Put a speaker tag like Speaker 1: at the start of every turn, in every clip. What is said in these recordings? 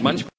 Speaker 1: manchmal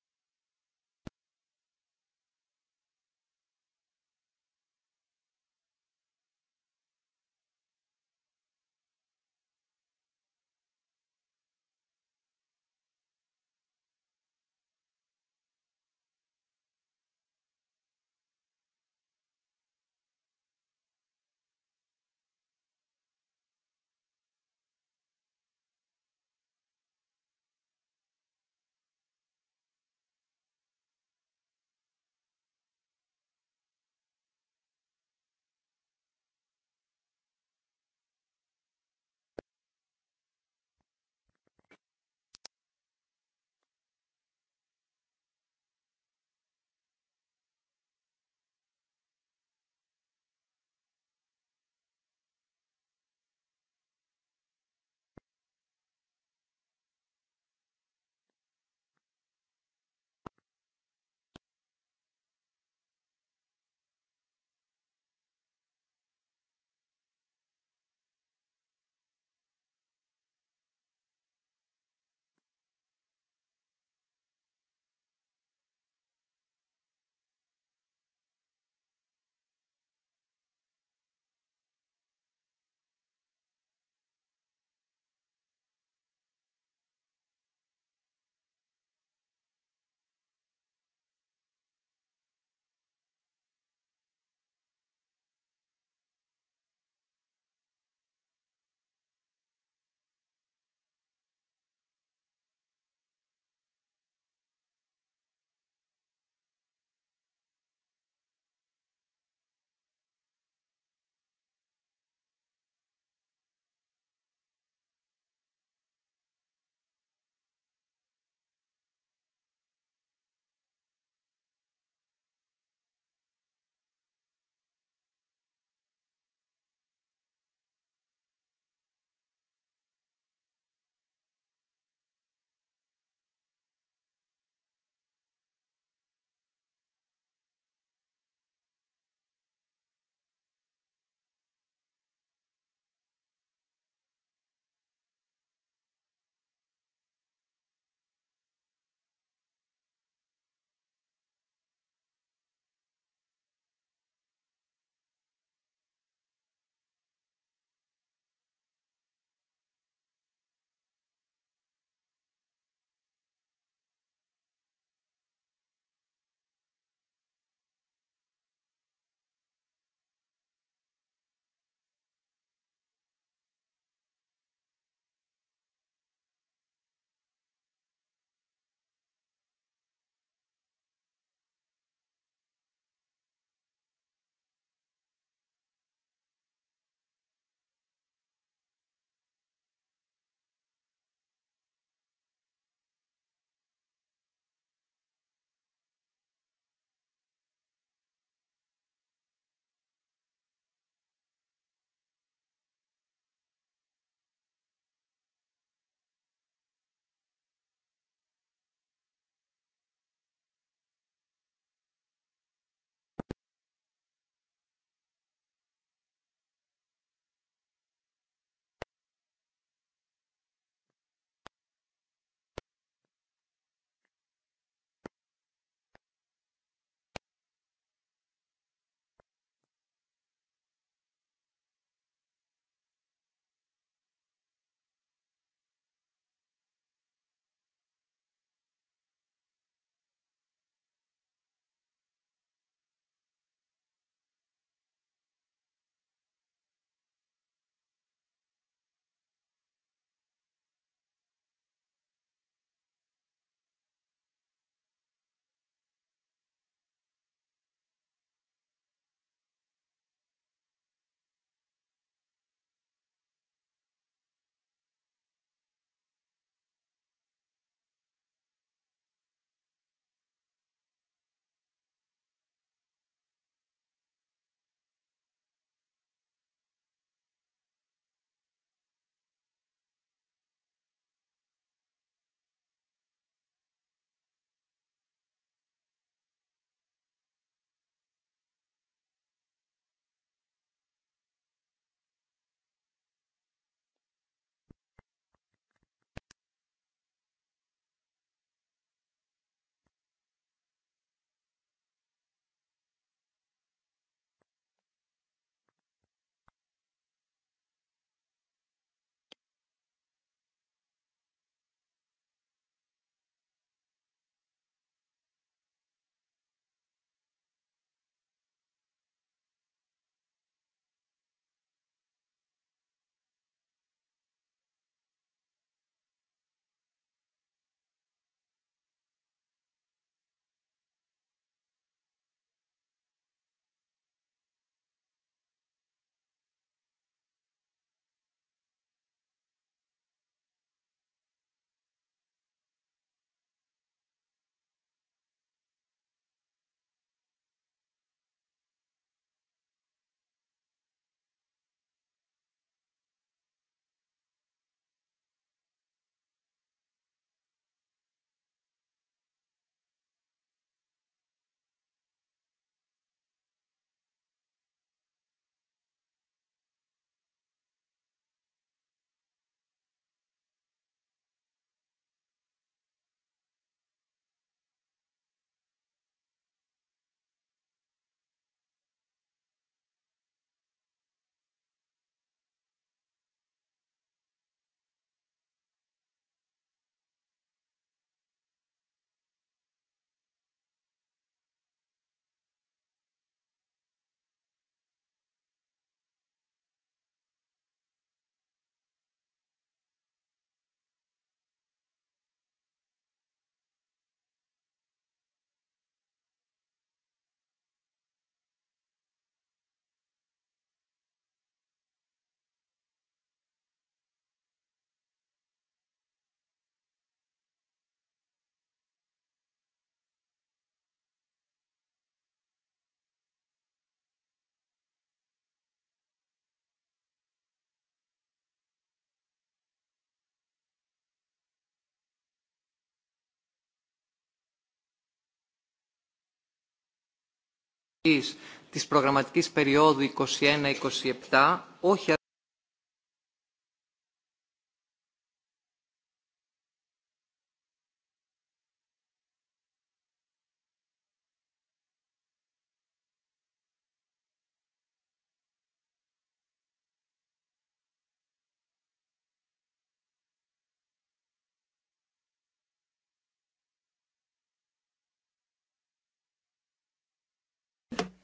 Speaker 1: της προγραμματικής περίοδου 2021-2027, όχι αργότερα από τον Απρίλιο του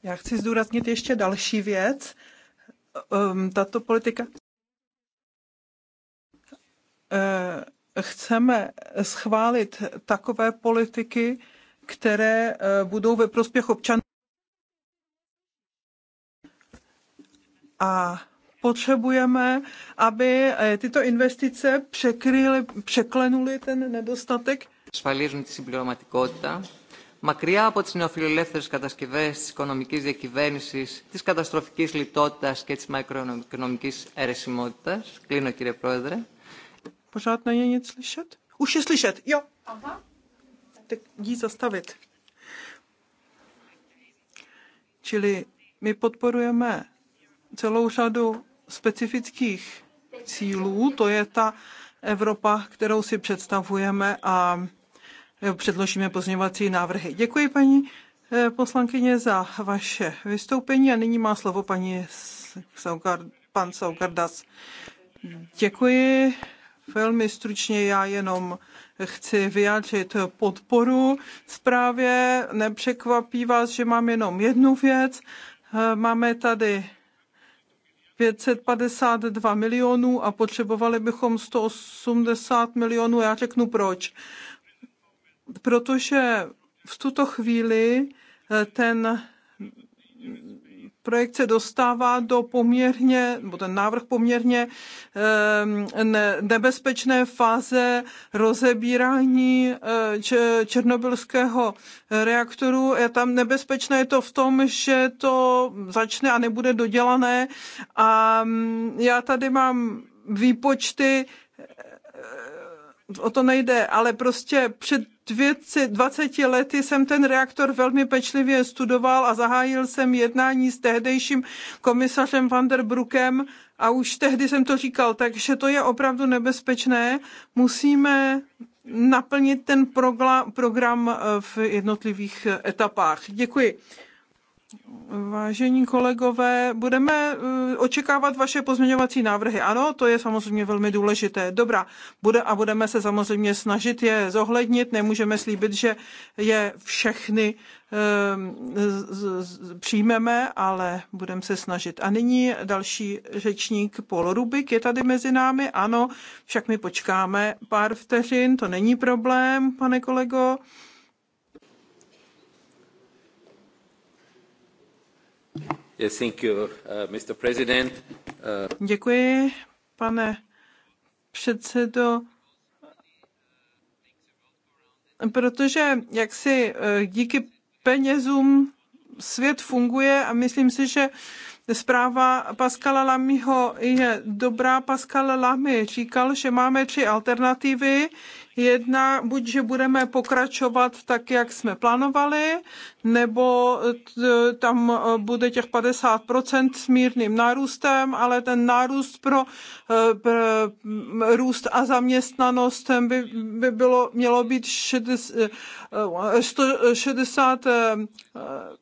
Speaker 2: Já chci zdůraznit ještě další věc. Ehm, tato politika eh, chceme schválit takové politiky, které eh, budou ve prospěch občanů. A potřebujeme, aby eh, tyto investice překryly, překlenuly ten nedostatek.
Speaker 1: Ασφαλίζουν τη συμπληρωματικότητα μακριά από τις νεοφιλελεύθερες κατασκευές της οικονομικής διακυβέρνησης, της καταστροφικής λιτότητας και της μακροοικονομικής
Speaker 2: αιρεσιμότητας. Κλείνω κύριε Πρόεδρε. Pořád na ně nic slyšet? Už je slyšet, jo. Aha. Tak jí Čili my podporujeme celou řadu specifických cílů, to je ta Evropa, kterou si představujeme a Eh, předložíme pozměňovací návrhy. Děkuji paní eh, poslankyně za vaše vystoupení a nyní má slovo paní Saugard, pan Saugardas. Děkuji. Velmi stručně já jenom chci vyjádřit podporu zprávě. Nepřekvapí vás, že mám jenom jednu věc. Eh, máme tady 552 milionů a potřebovali bychom 180 milionů. Já řeknu proč protože v tuto chvíli eh, ten projekt se dostává do poměrně, nebo ten návrh poměrně eh, nebezpečné fáze rozebírání eh, černobylského reaktoru. Je tam nebezpečné je to v tom, že to začne a nebude dodělané. A mm, já tady mám výpočty o to nejde, ale prostě před 20 lety jsem ten reaktor velmi pečlivě studoval a zahájil jsem jednání s tehdejším komisařem van der Brukem a už tehdy jsem to říkal, takže to je opravdu nebezpečné. Musíme naplnit ten program eh, v jednotlivých etapách. Děkuji. Vážení kolegové, budeme eh, očekávat vaše pozměňovací návrhy. Ano, to je samozřejmě velmi důležité. Dobrá, bude a budeme se samozřejmě snažit je zohlednit. Nemůžeme slíbit, že je všechny eh, přijmeme, ale budeme se snažit. A nyní další řečník Paul Rubik je tady mezi námi. Ano, však my počkáme pár vteřin, to není problém, pane kolego.
Speaker 1: Uh, uh,
Speaker 2: Děkuji, pane předsedo protože jak si eh, díky penězům svět funguje a myslím si, že zpráva Pascala Lamyho je dobrá. Pascal Lamy říkal, že máme tři alternativy jedna, buď, že budeme pokračovat tak, jak jsme plánovali, nebo tam e, bude těch 50% s mírným nárůstem, ale ten nárůst pro, e, pro růst a zaměstnanost by, by bylo, mělo být 60, 160 e,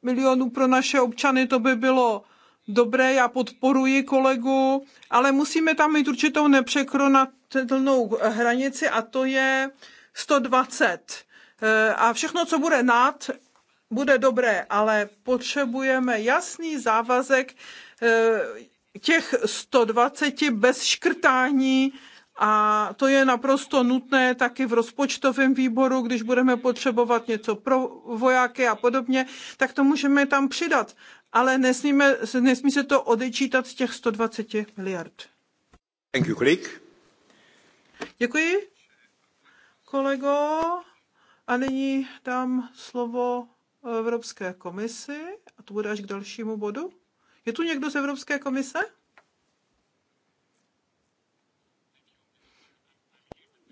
Speaker 2: milionů pro naše občany, to by bylo dobré, já podporuji kolegu, ale musíme tam mít určitou nepřekronatelnou eh, hranici a to je 120. Eh, a všechno, co bude nad, bude dobré, ale potřebujeme jasný závazek eh, těch 120 bez škrtání a to je naprosto nutné taky v rozpočtovém výboru, když budeme potřebovat něco pro vojáky a podobně, tak to můžeme tam přidat ale nesmíme, nesmí se to odečítat z těch 120 miliard.
Speaker 3: Thank you, kolik.
Speaker 2: Děkuji, kolego. A nyní dám slovo Evropské komisi a to bude až k dalšímu bodu. Je tu někdo z Evropské komise?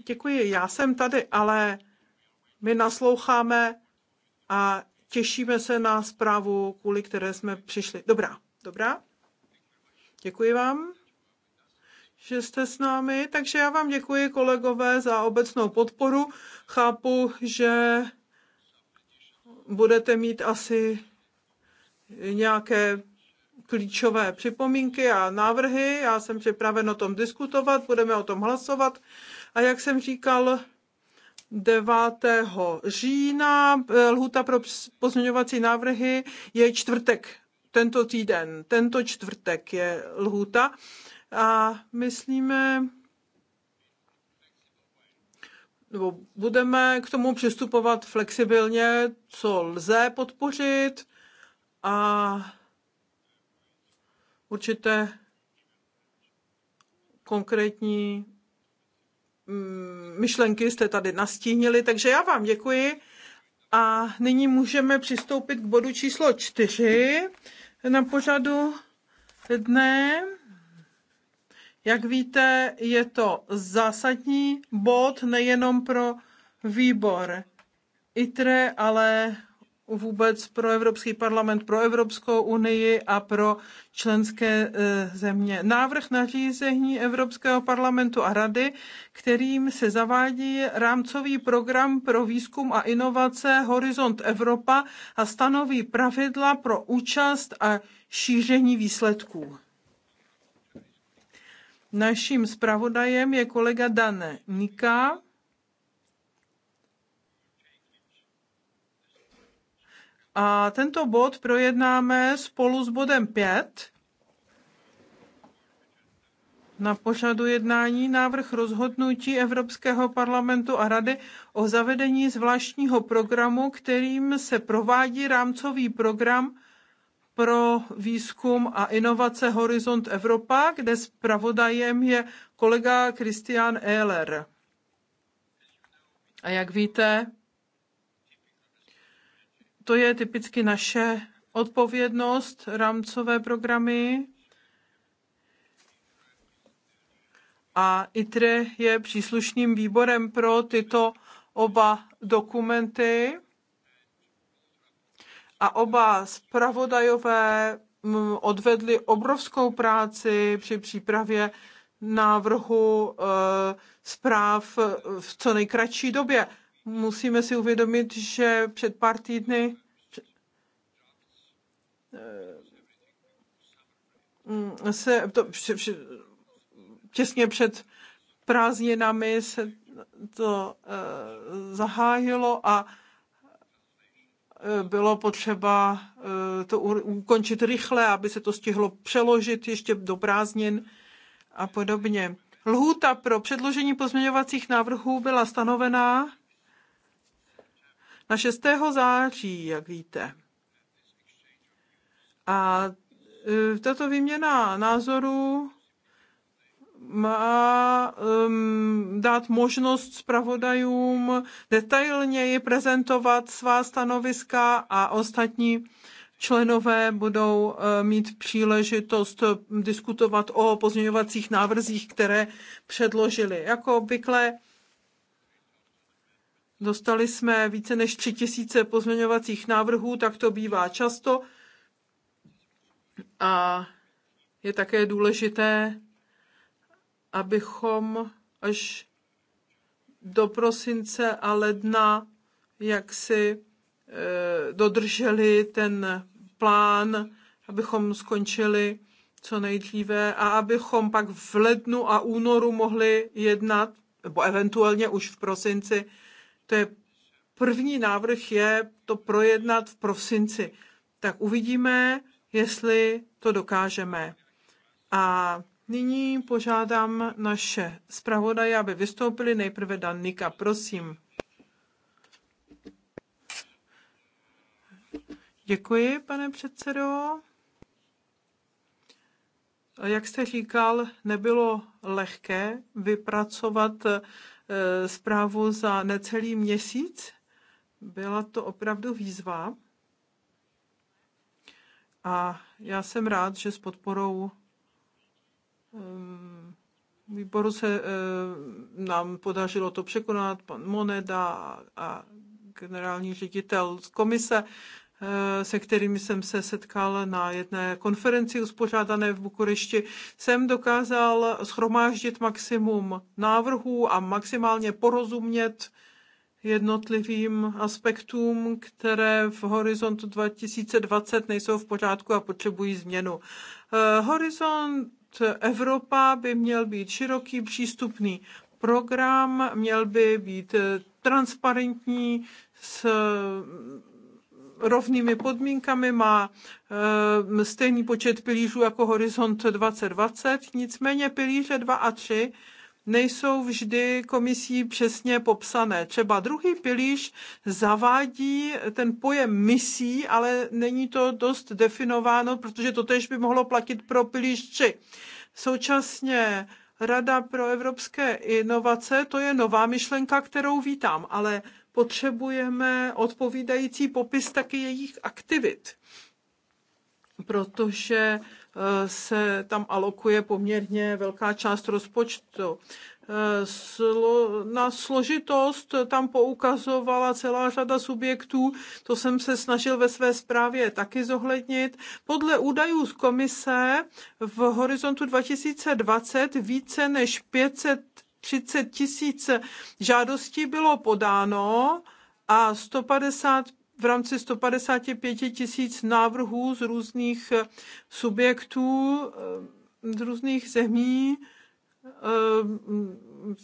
Speaker 2: Děkuji, já jsem tady, ale my nasloucháme a těšíme se na zprávu, kvůli které jsme přišli. Dobrá, dobrá. Děkuji vám, že jste s námi. Takže já vám děkuji, kolegové, za obecnou podporu. Chápu, že budete mít asi nějaké klíčové připomínky a návrhy. Já jsem připraven o tom diskutovat, budeme o tom hlasovat. A jak jsem říkal, 9. října. Eh, lhuta pro pozměňovací návrhy je čtvrtek tento týden. Tento čtvrtek je lhuta. A myslíme, nebo budeme k tomu přistupovat flexibilně, co lze podpořit a určité konkrétní Mm, myšlenky jste tady nastínili, takže já vám děkuji. A nyní můžeme přistoupit k bodu číslo čtyři na pořadu dne. Jak víte, je to zásadní bod nejenom pro výbor ITRE, ale vůbec pro Evropský parlament, pro Evropskou unii a pro členské e, země. Návrh nařízení Evropského parlamentu a rady, kterým se zavádí rámcový program pro výzkum a inovace Horizont Evropa a stanoví pravidla pro účast a šíření výsledků. Naším zpravodajem je kolega Dan Nika A tento bod projednáme spolu s bodem 5 na pořadu jednání návrh rozhodnutí Evropského parlamentu a Rady o zavedení zvláštního programu, kterým se provádí rámcový program pro výzkum a inovace Horizont Evropa, kde zpravodajem je kolega Christian Ehler. A jak víte, to je typicky naše odpovědnost, rámcové programy. A ITRE je příslušným výborem pro tyto oba dokumenty. A oba zpravodajové mm, odvedli obrovskou práci při přípravě návrhu eh, zpráv v co nejkratší době musíme si uvědomit, že před pár týdny eh, se to, těsně před prázdninami se to eh, zahájilo a eh, bylo potřeba to ukončit rychle, aby se to stihlo přeložit ještě do prázdnin a podobně. Lhůta pro předložení pozměňovacích návrhů byla stanovená na 6. září, jak víte. A e, tato výměna názorů má um, dát možnost zpravodajům detailněji prezentovat svá stanoviska a ostatní členové budou uh, mít příležitost diskutovat o pozměňovacích návrzích, které předložili. Jako obvykle Dostali jsme více než tři tisíce pozměňovacích návrhů, tak to bývá často. A je také důležité, abychom až do prosince a ledna jak si e, dodrželi ten plán, abychom skončili co nejdříve a abychom pak v lednu a únoru mohli jednat, nebo eventuálně už v prosinci, to je první návrh je to projednat v prosinci. Tak uvidíme, jestli to dokážeme. A nyní požádám naše zpravodaje, aby vystoupili. Nejprve Danika, prosím. Děkuji, pane předsedo. Jak jste říkal, nebylo lehké vypracovat Eh, zprávu za necelý měsíc. Byla to opravdu výzva. A já jsem rád, že s podporou ehm, výboru se eh, nám podařilo to překonat. Pan Moneda a generální ředitel z komise Eh, se kterými jsem se setkal na jedné konferenci uspořádané v Bukurešti, jsem dokázal schromáždit maximum návrhů a maximálně porozumět jednotlivým aspektům, které v horizontu 2020 nejsou v pořádku a potřebují změnu. Eh, Horizont Evropa by měl být široký, přístupný program, měl by být transparentní s rovnými podmínkami, má eh, stejný počet pilířů jako Horizont 2020, nicméně pilíře 2 a 3 nejsou vždy komisí přesně popsané. Třeba druhý pilíř zavádí ten pojem misí, ale není to dost definováno, protože to tež by mohlo platit pro pilíř 3. Současně Rada pro evropské inovace, to je nová myšlenka, kterou vítám, ale potřebujeme odpovídající popis taky jejich aktivit, protože eh, se tam alokuje poměrně velká část rozpočtu. Eh, na složitost tam poukazovala celá řada subjektů, to jsem se snažil ve své zprávě taky zohlednit. Podle údajů z komise v horizontu 2020 více než 500 30 tisíc žádostí bylo podáno a 150 v rámci 155 tisíc návrhů z různých eh, subjektů, eh, z různých zemí,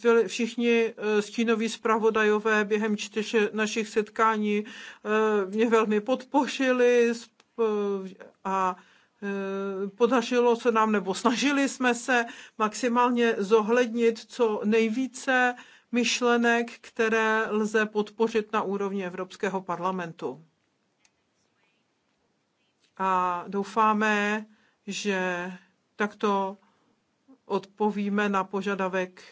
Speaker 2: byli eh, všichni stínoví zpravodajové během čtyř našich setkání mě velmi podpořili a Eh, podařilo se nám, nebo snažili jsme se maximálně zohlednit co nejvíce myšlenek, které lze podpořit na úrovni Evropského parlamentu. A doufáme, že takto odpovíme na požadavek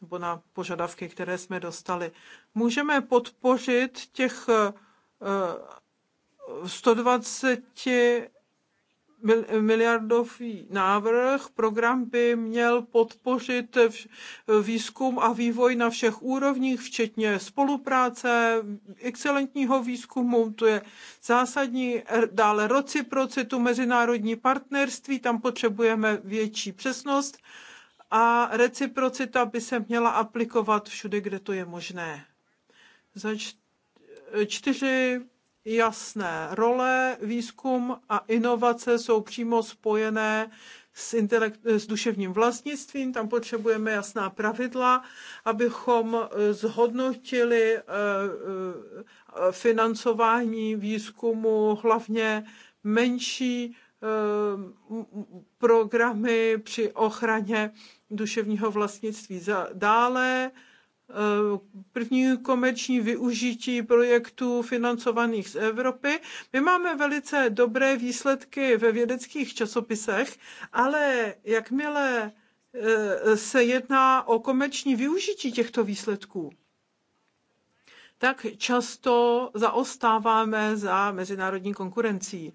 Speaker 2: nebo na požadavky, které jsme dostali. Můžeme podpořit těch 120 eh, miliardový návrh. Program by měl podpořit výzkum a vývoj na všech úrovních, včetně spolupráce, excelentního výzkumu, to je zásadní, dále reciprocitu, mezinárodní partnerství, tam potřebujeme větší přesnost a reciprocita by se měla aplikovat všude, kde to je možné. Za čtyři jasné. Role, výzkum a inovace jsou přímo spojené s, intelekt, s duševním vlastnictvím, tam potřebujeme jasná pravidla, abychom e, zhodnotili e, e, financování výzkumu, hlavně menší programy při ochraně duševního vlastnictví. Dále Eh, první komerční využití projektů financovaných z Evropy. My máme velice dobré výsledky ve vědeckých časopisech, ale jakmile eh, se jedná o komerční využití těchto výsledků, tak často zaostáváme za mezinárodní konkurencí.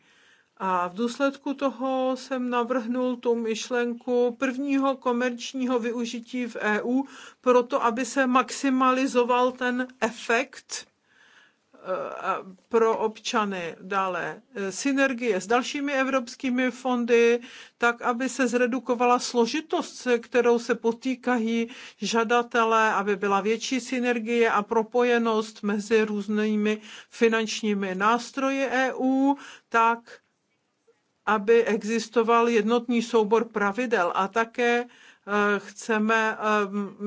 Speaker 2: A v důsledku toho jsem navrhnul tu myšlenku prvního komerčního využití v EU, proto aby se maximalizoval ten efekt eh, pro občany. Dále eh, synergie s dalšími evropskými fondy, tak aby se zredukovala složitost, se kterou se potýkají žadatelé, aby byla větší synergie a propojenost mezi různými finančními nástroji EU, tak aby existoval jednotný soubor pravidel a také Eh, chceme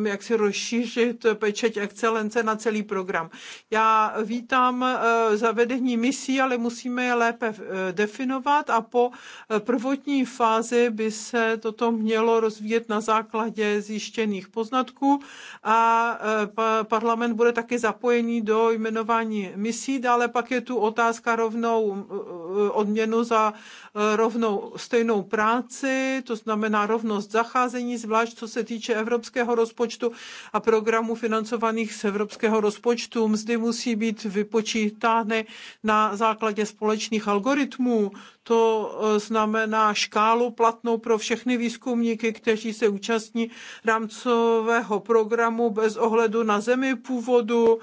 Speaker 2: eh, jaksi rozšířit pečeť excelence na celý program. Já vítám eh, zavedení misí, ale musíme je lépe definovat a po prvotní fázi by se toto mělo rozvíjet na základě zjištěných poznatků a parlament bude taky zapojený do jmenování misí. Dále pak je tu otázka rovnou odměnu za rovnou stejnou práci, to znamená rovnost zacházení s zvlášť co se týče evropského rozpočtu a programů financovaných z evropského rozpočtu. Mzdy musí být vypočítány na základě společných algoritmů. To e, znamená škálu platnou pro všechny výzkumníky, kteří se účastní rámcového programu bez ohledu na zemi původu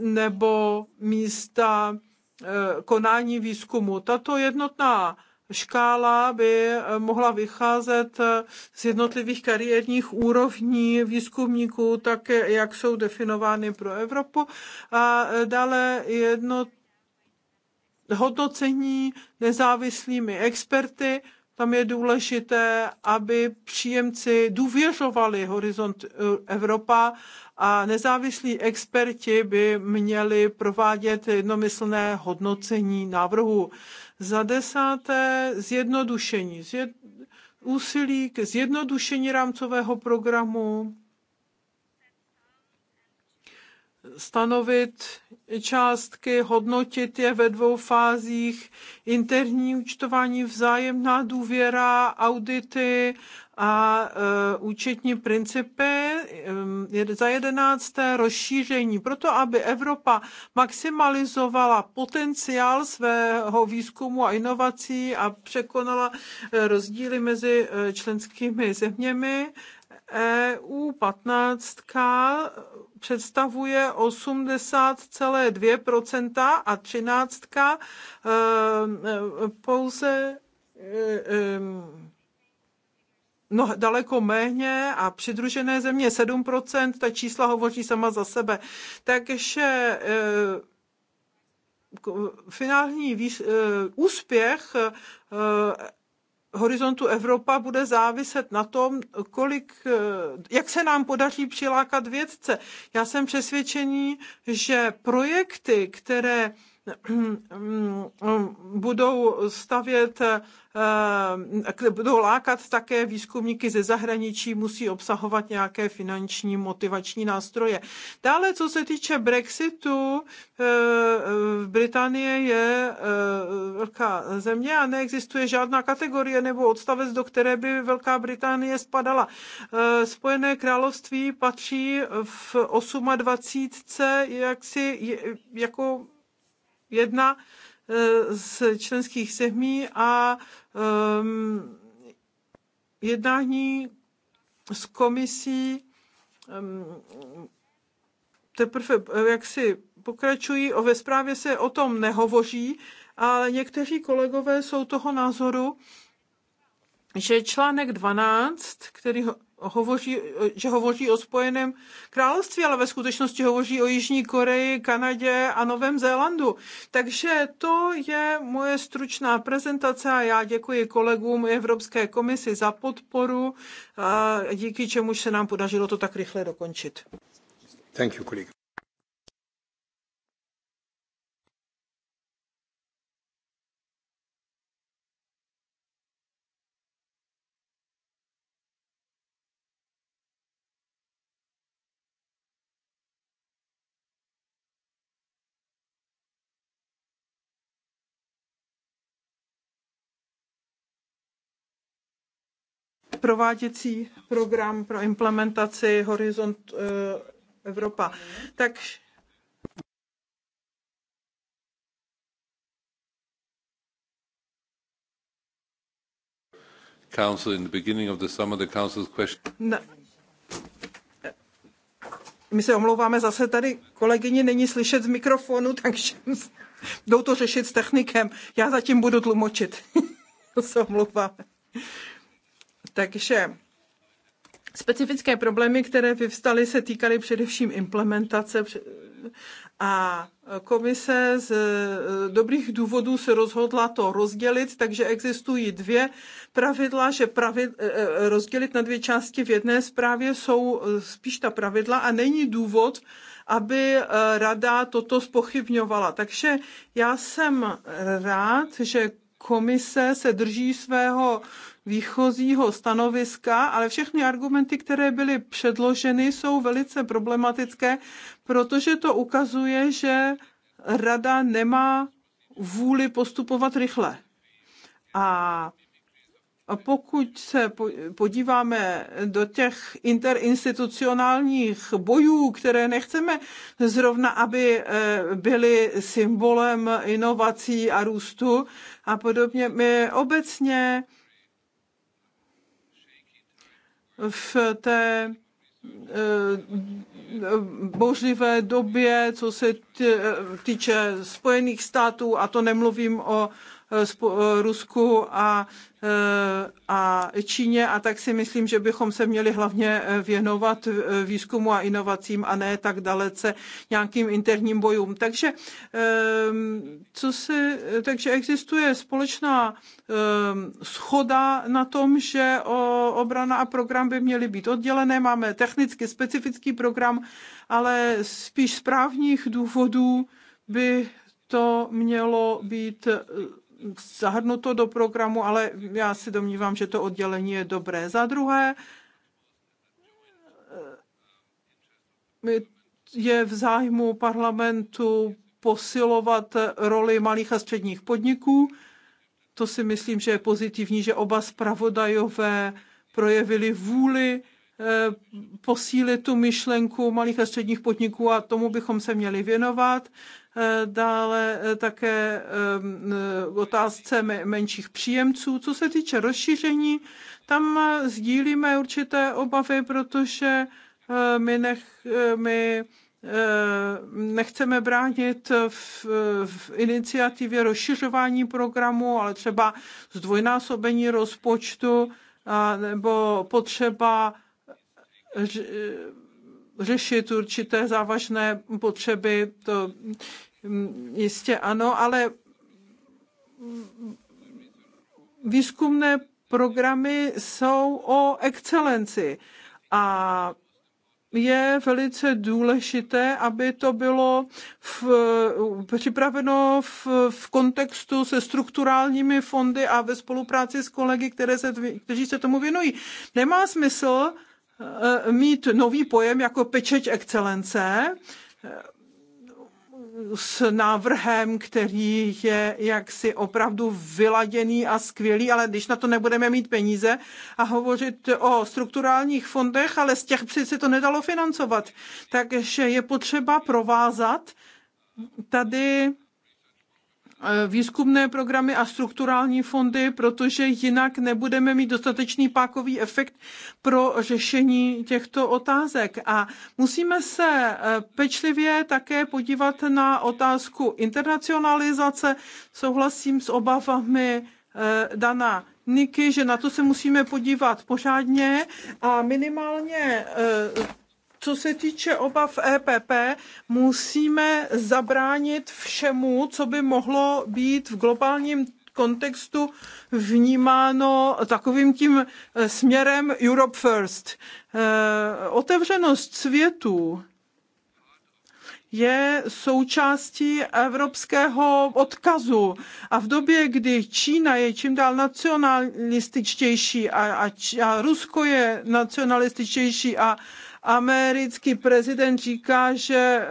Speaker 2: nebo místa e, konání výzkumu. Tato jednotná škála by eh, mohla vycházet eh, z jednotlivých kariérních úrovní výzkumníků, tak jak jsou definovány pro Evropu. A eh, dále jedno hodnocení nezávislými experty. Tam je důležité, aby příjemci důvěřovali Horizont Evropa a nezávislí experti by měli provádět jednomyslné hodnocení návrhu. Za desáté zjednodušení, zjed, úsilí k zjednodušení rámcového programu, stanovit částky, hodnotit je ve dvou fázích, interní účtování, vzájemná důvěra, audity a e, účetní principy e, za jedenácté rozšíření. Proto, aby Evropa maximalizovala potenciál svého výzkumu a inovací a překonala eh, rozdíly mezi členskými zeměmi, EU 15 představuje 80,2% a 13 eh, eh, pouze eh, no, daleko méně a přidružené země 7%, ta čísla hovoří sama za sebe. Takže finální výš, úspěch horizontu Evropa bude záviset na tom, kolik, eh, jak se nám podaří přilákat vědce. Já jsem přesvědčený, že projekty, které budou stavět, eh, budou lákat také výzkumníky ze zahraničí, musí obsahovat nějaké finanční motivační nástroje. Dále, co se týče Brexitu, eh, v Británie je eh, velká země a neexistuje žádná kategorie nebo odstavec, do které by Velká Británie spadala. Spojené království patří v 28. jaksi jako jedna eh, z členských zemí a ehm, jednání s komisí ehm, teprve eh, jak si pokračují, o ve zprávě se o tom nehovoří, ale někteří kolegové jsou toho názoru, že článek 12, který hovoří, že hovoří o Spojeném království, ale ve skutečnosti hovoří o Jižní Koreji, Kanadě a Novém Zélandu. Takže to je moje stručná prezentace a já děkuji kolegům Evropské komisi za podporu, díky čemu se nám podařilo to tak rychle dokončit. Thank you, prováděcí program pro implementaci Horizont eh, Evropa. Tak
Speaker 3: Council in the beginning of the summer, the Council's question.
Speaker 2: na My se omlouváme zase tady, kolegyně není slyšet z mikrofonu, takže jdou to řešit s technikem. Já zatím budu tlumočit. to se omlouváme. Takže specifické problémy, které vyvstaly, se týkaly především implementace a komise z e, dobrých důvodů se rozhodla to rozdělit, takže existují dvě pravidla, že pravid, e, e, rozdělit na dvě části v jedné zprávě jsou spíš ta pravidla a není důvod, aby rada toto spochybňovala. Takže já jsem rád, že komise se drží svého výchozího stanoviska, ale všechny argumenty, které byly předloženy, jsou velice problematické, protože to ukazuje, že rada nemá vůli postupovat rychle. A pokud se podíváme do těch interinstitucionálních bojů, které nechceme zrovna, aby eh, byly symbolem inovací a růstu a podobně, my obecně v té eh, bouřlivé době, co se eh, týče Spojených států, a to nemluvím o Eh, eh, Rusku a, eh, a Číně a tak si myslím, že bychom se měli hlavně věnovat výzkumu a inovacím a ne tak dalece nějakým interním bojům. Takže, ehm, co se takže existuje společná ehm, schoda na tom, že obrana a program by měly být oddělené. Máme technicky specifický program, ale spíš z právních důvodů by to mělo být zahrnuto do programu, ale já si domnívám, že to oddělení je dobré. Za druhé, je v zájmu parlamentu posilovat roli malých a středních podniků. To si myslím, že je pozitivní, že oba zpravodajové projevili vůli eh, posílit tu myšlenku malých a středních podniků a tomu bychom se měli věnovat. Eh, dále eh, také eh, otázce menších příjemců. Co se týče rozšíření, tam sdílíme určité obavy, protože my, nech, my nechceme bránit v, v iniciativě rozšiřování programu, ale třeba zdvojnásobení rozpočtu nebo potřeba řešit určité závažné potřeby, to Mm, jistě ano, ale výzkumné programy jsou o excelenci a je velice důležité, aby to bylo v, připraveno v, v kontextu se strukturálními fondy a ve spolupráci s kolegy, které se, kteří se tomu věnují. Nemá smysl eh, mít nový pojem jako pečeť excelence, s návrhem, který je jaksi opravdu vyladěný a skvělý, ale když na to nebudeme mít peníze a hovořit o strukturálních fondech, ale z těch se to nedalo financovat. Takže je potřeba provázat tady Eh, výzkumné programy a strukturální fondy, protože jinak nebudeme mít dostatečný pákový efekt pro řešení těchto otázek. A musíme se eh, pečlivě také podívat na otázku internacionalizace. Souhlasím s obavami eh, Dana Niky, že na to se musíme podívat pořádně a minimálně co se týče obav EPP, musíme zabránit všemu, co by mohlo být v globálním kontextu vnímáno takovým tím eh, směrem Europe First. Eh, otevřenost světu je součástí evropského odkazu. A v době, kdy Čína je čím dál nacionalističtější a, a, a Rusko je nacionalističtější a americký prezident říká, že e,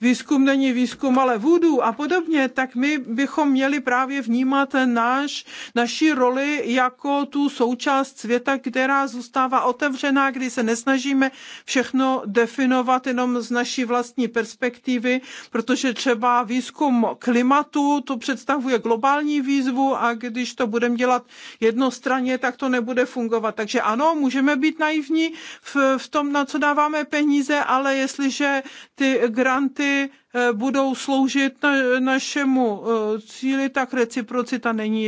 Speaker 2: výzkum není výzkum, ale vůdu a podobně, tak my bychom měli právě vnímat náš, naši roli jako tu součást světa, která zůstává otevřená, kdy se nesnažíme všechno definovat jenom z naší vlastní perspektivy, protože třeba výzkum klimatu, to představuje globální výzvu a když to budeme dělat jednostranně, tak to nebude fungovat. Takže ano, můžeme být naivní v, v tom, na co dáváme peníze, ale jestliže ty granty eh, budou sloužit na, našemu eh, cíli, tak reciprocita není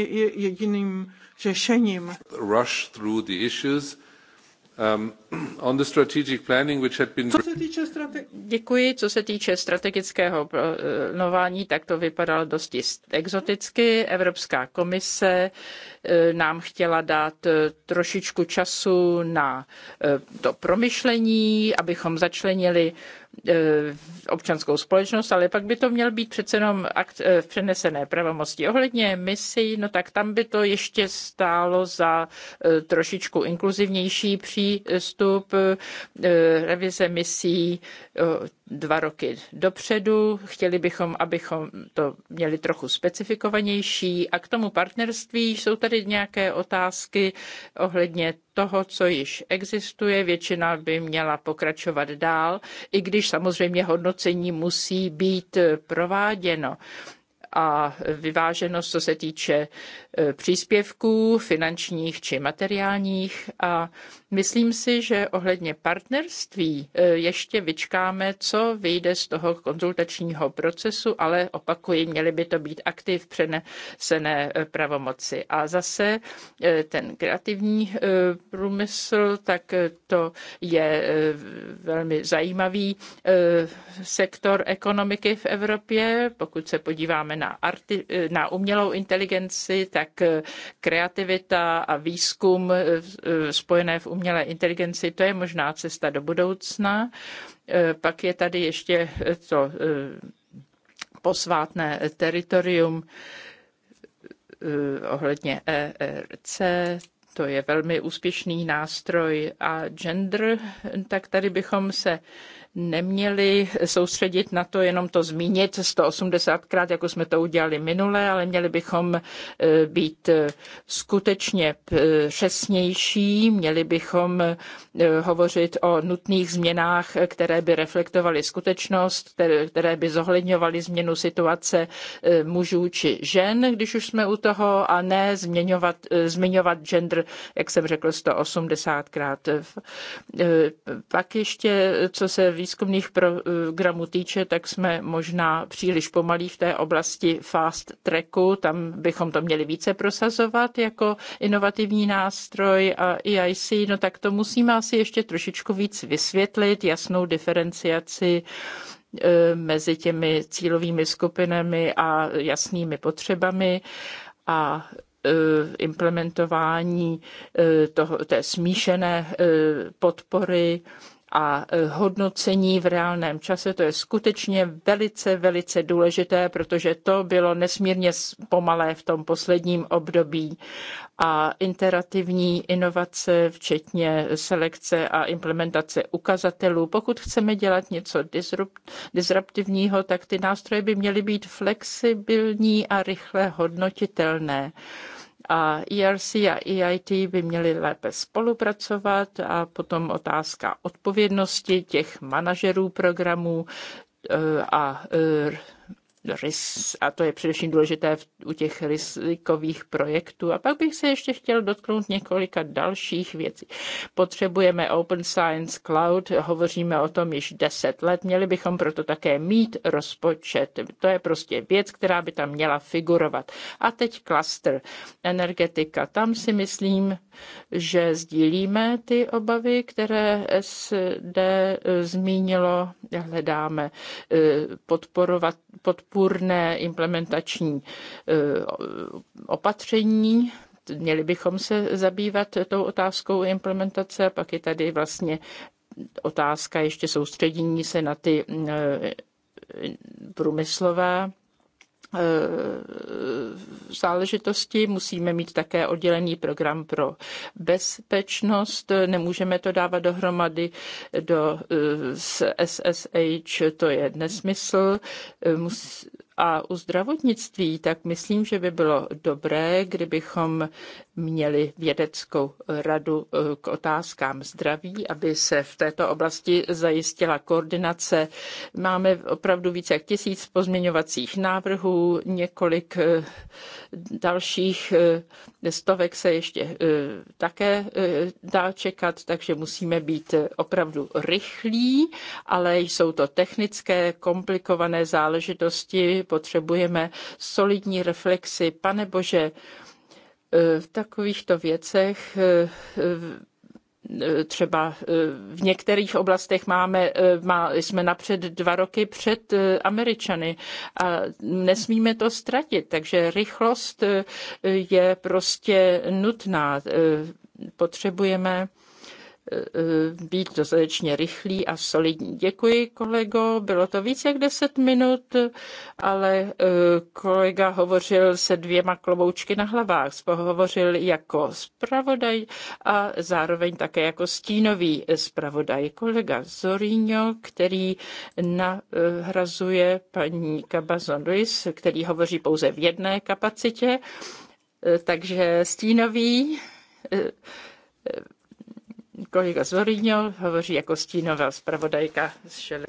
Speaker 2: jediným řešením.
Speaker 3: Rush through the issues
Speaker 4: Děkuji. Co se týče strategického plánování, tak to vypadalo dosti exoticky. Evropská komise eh, nám chtěla dát eh, trošičku času na eh, to promyšlení, abychom začlenili E, občanskou společnost, ale pak by to měl být přece jenom akt e, v přenesené pravomosti. Ohledně misí, no tak tam by to ještě stálo za e, trošičku inkluzivnější přístup revize misí, dva roky dopředu. Chtěli bychom, abychom to měli trochu specifikovanější. A k tomu partnerství jsou tady nějaké otázky ohledně toho, co již existuje. Většina by měla pokračovat dál, i když samozřejmě hodnocení musí být prováděno a vyváženost, co se týče e, příspěvků finančních či materiálních. A Myslím si, že ohledně partnerství e, ještě vyčkáme, co vyjde z toho konzultačního procesu, ale opakuji, měly by to být aktiv přenesené e, pravomoci. A zase e, ten kreativní průmysl, tak to je velmi zajímavý sektor ekonomiky v Evropě. Pokud se podíváme na, arti, na umělou inteligenci, tak kreativita a výzkum spojené v umělou umělé inteligenci, to je možná cesta do budoucna. E, pak je tady ještě to e, posvátné teritorium e, ohledně ERC, to je velmi úspěšný nástroj a gender, tak tady bychom se neměli soustředit na to, jenom to zmínit 180krát, jako jsme to udělali minule, ale měli bychom e, být e, skutečně e, přesnější, měli bychom hovořit o nutných změnách, které by reflektovaly skutečnost, které by zohledňovaly změnu situace mužů či žen, když už jsme u toho, a ne změňovat, zmiňovat gender, jak jsem řekl, 180krát. Pak ještě, co se výzkumných programů týče, tak jsme možná příliš pomalí v té oblasti fast tracku. Tam bychom to měli více prosazovat jako inovativní nástroj a EIC. No tak to musíme asi ještě trošičku víc vysvětlit, jasnou diferenciaci eh, mezi těmi cílovými skupinami a jasnými potřebami a eh, implementování eh, toho, té smíšené podpory a e, hodnocení v reálném čase, to je skutečně velice, velice důležité, protože to bylo nesmírně pomalé v tom posledním období a interativní inovace, včetně selekce a implementace ukazatelů. Pokud chceme dělat něco disruptivního, tak ty nástroje by měly být flexibilní a rychle hodnotitelné a ERC a EIT by měli lépe spolupracovat a potom otázka odpovědnosti těch manažerů programů e, a e, rys, a to je především důležité v, u těch rizikových projektů. A pak bych se ještě chtěl dotknout několika dalších věcí. Potřebujeme Open Science Cloud, hovoříme o tom již 10 let, měli bychom proto také mít rozpočet. To je prostě věc, která by tam měla figurovat. A teď klaster energetika. Tam si myslím, že sdílíme ty obavy, které SD eh, zmínilo. Hledáme eh, podporovat, podporovat podpůrné implementační e, opatření, měli bychom se zabývat tou otázkou implementace, pak je tady vlastně otázka ještě soustředění se na ty e, průmyslová Eh, záležitosti. Musíme mít také oddělený program pro bezpečnost. Nemůžeme to dávat dohromady do SSH, eh, to je nesmysl. Eh, mus, a u zdravotnictví, tak myslím, že by bylo dobré, kdybychom měli vědeckou radu eh, k otázkám zdraví, aby se v této oblasti zajistila koordinace. Máme opravdu více jak tisíc pozměňovacích návrhů, několik eh, dalších eh, stovek se ještě také dá čekat, takže musíme být opravdu rychlí, ale jsou to technické, komplikované záležitosti, potřebujeme solidní reflexy. Pane Bože, e, v takovýchto věcech e, e, třeba v některých oblastech máme, má, jsme napřed dva roky před Američany a nesmíme to ztratit, takže rychlost je prostě nutná. Potřebujeme Eh, eh, být dostatečně rychlý a solidní. Děkuji, kolego. Bylo to více jak 10 minut, ale eh, kolega hovořil se dvěma kloboučky na hlavách. Hovořil jako zpravodaj a zároveň také jako stínový zpravodaj. Kolega Zorino, který nahrazuje paní Cabazon Ruiz, který hovoří pouze v jedné kapacitě, takže stínový Kolega Zorinil hovoří jako stínová zpravodajka z Šele.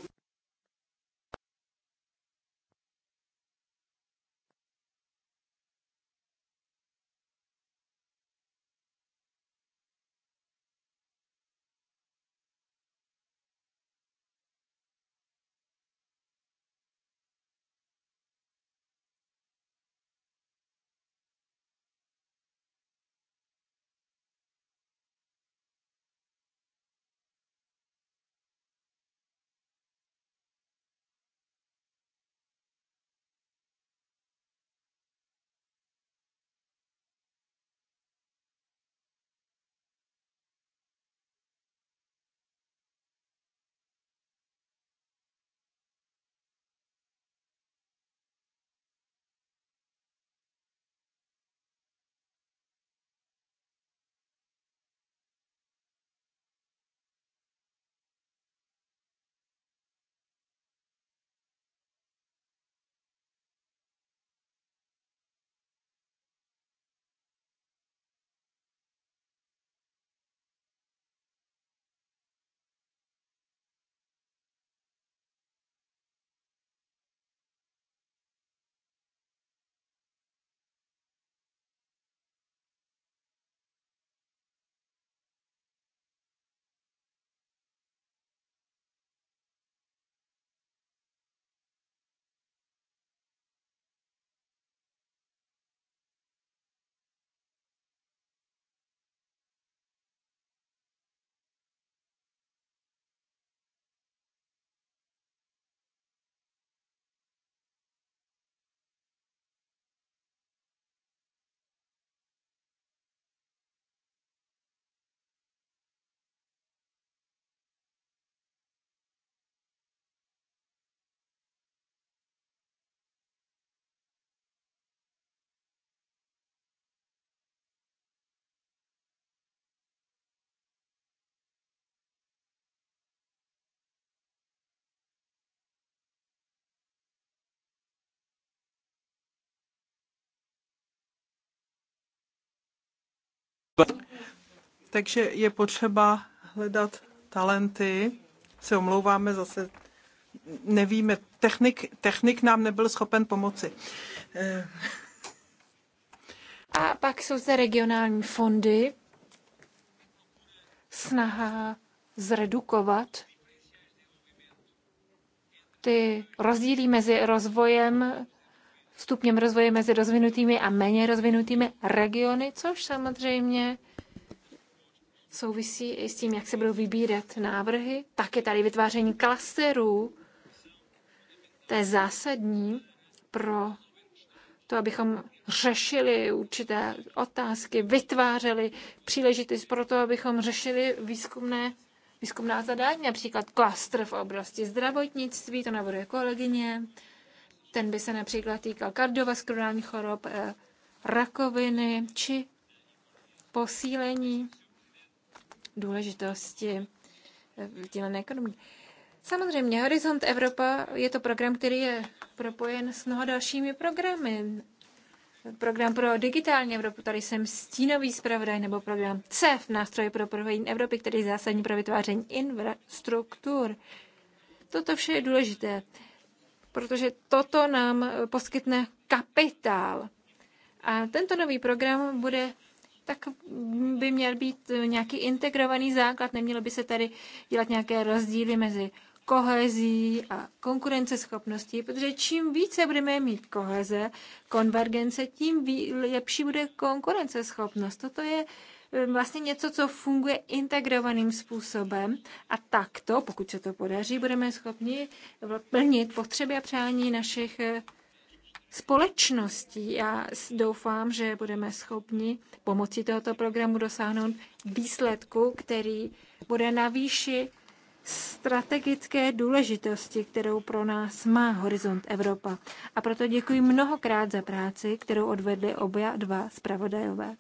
Speaker 2: Takže je potřeba hledat talenty. Se omlouváme zase, nevíme, technik, technik nám nebyl schopen pomoci. Eh.
Speaker 1: A pak jsou zde regionální fondy, snaha zredukovat ty rozdíly mezi rozvojem stupněm rozvoje mezi rozvinutými a méně rozvinutými regiony, což samozřejmě souvisí i s tím, jak se budou vybírat návrhy. Také tady vytváření klasterů, to je zásadní pro to, abychom řešili určité otázky, vytvářeli příležitost pro to, abychom řešili výzkumné, výzkumná zadání, například klastr v oblasti zdravotnictví, to navrhuje kolegyně, ten by se například týkal kardiovaskulárních chorob, eh, rakoviny či posílení důležitosti eh, vdělené ekonomiky. Samozřejmě, Horizont Evropa je to program, který je propojen s mnoha dalšími programy. Program pro digitální Evropu, tady jsem stínový zpravodaj, nebo program CEF, nástroje pro provedení Evropy, který je zásadní pro vytváření infrastruktur. Toto vše je důležité protože toto nám eh, poskytne kapitál. A tento nový program bude tak mm, by měl být eh, nějaký integrovaný základ, nemělo by se tady dělat nějaké rozdíly mezi kohezí a konkurenceschopností, protože čím více budeme mít koheze, konvergence, tím lepší bude konkurenceschopnost. Toto je uh, Ehm, vlastně něco, co funguje integrovaným způsobem a takto, pokud se to podaří, budeme schopni plnit potřeby a přání našich eh, společností. Já doufám, že budeme schopni pomocí tohoto programu dosáhnout výsledku, který bude na výši strategické důležitosti, kterou pro nás má Horizont Evropa. A proto děkuji mnohokrát za práci, kterou odvedli oba dva zpravodajové.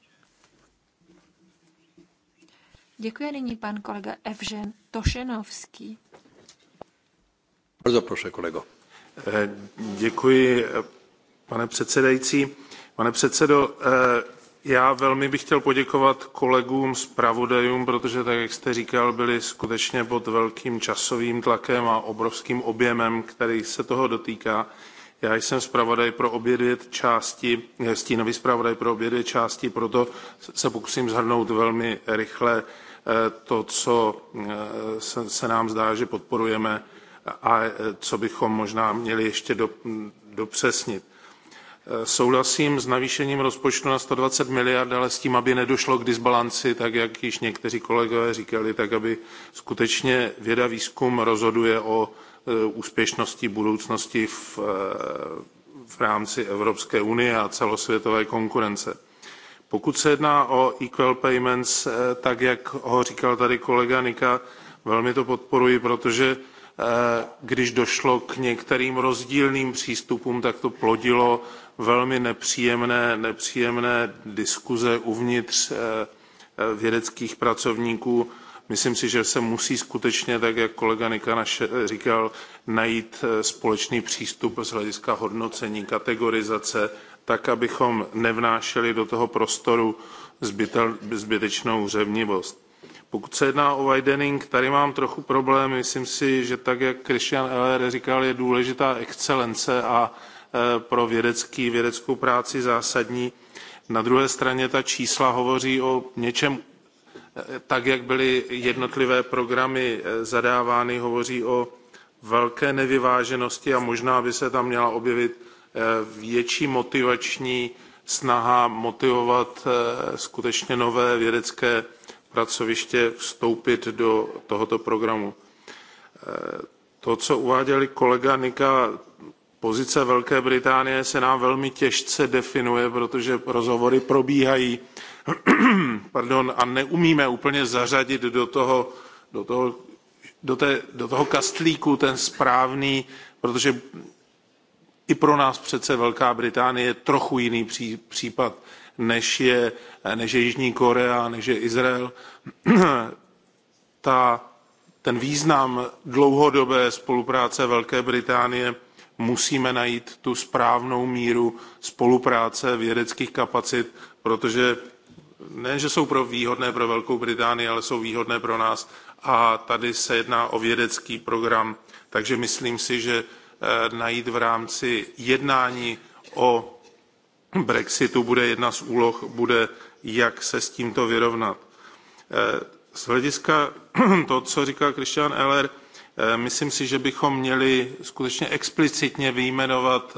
Speaker 1: Děkuji nyní pan kolega Evžen Tošenovský.
Speaker 3: Bardzo proszę, kolego. Eh, děkuji, pane předsedající. Pane předsedo, eh, já velmi bych chtěl poděkovat kolegům zpravodajům, protože, tak jak jste říkal, byli skutečně pod velkým časovým tlakem a obrovským objemem, který se toho dotýká. Já jsem zpravodaj pro obě dvě části, eh, stínový zpravodaj pro obě dvě části, proto se pokusím zhrnout velmi rychle Eh, to, co eh, se nám zdá, že podporujeme a eh, co bychom možná měli ještě dopřesnit. Souhlasím s navýšením rozpočtu na 120 miliard, ale s tím, aby nedošlo k disbalanci, tak jak již někteří kolegové říkali, tak aby skutečně věda výzkum rozhoduje o úspěšnosti budoucnosti v, v rámci Evropské unie a celosvětové konkurence pokud se jedná o equal payments, eh, tak jak ho říkal tady kolega Nika, velmi to podporuji, protože eh, když došlo k některým rozdílným přístupům, tak to plodilo velmi nepříjemné, nepříjemné diskuze uvnitř eh, vědeckých pracovníků. Myslím si, že se musí skutečně, tak jak kolega Nika říkal, najít společný přístup z hlediska hodnocení, kategorizace, tak abychom nevnášeli do toho prostoru zbytel, zbytečnou řevnivost. Pokud se jedná o widening, tady mám trochu problém. Myslím si, že tak, jak Christian Eller říkal, je důležitá excelence a e, pro vědecký, vědeckou práci zásadní. Na druhé straně ta čísla hovoří o něčem, e, tak jak byly jednotlivé programy e, zadávány, hovoří o velké nevyváženosti a možná by se tam měla objevit Eh, větší motivační snaha motivovat eh, skutečně nové vědecké pracoviště vstoupit do tohoto programu. Eh, to, co uváděli kolega Nika, pozice Velké Británie se nám velmi těžce definuje, protože rozhovory probíhají pardon, a neumíme úplně zařadit do toho, do toho, do té, do toho kastlíku ten správný, protože i pro nás přece Velká Británie je trochu jiný pří, případ, než je, než je Jižní Korea, než je Izrael. Ta, ten význam dlouhodobé spolupráce Velké Británie musíme najít tu správnou míru spolupráce vědeckých kapacit, protože ne, že jsou pro výhodné pro Velkou Británii, ale jsou výhodné pro nás. A tady se jedná o vědecký program, takže myslím si, že Eh, najít v rámci jednání o Brexitu bude jedna z úloh, bude jak se s tímto vyrovnat. Eh, z hlediska toho, co říkal Christian Eller, eh, myslím si, že bychom měli skutečně explicitně vyjmenovat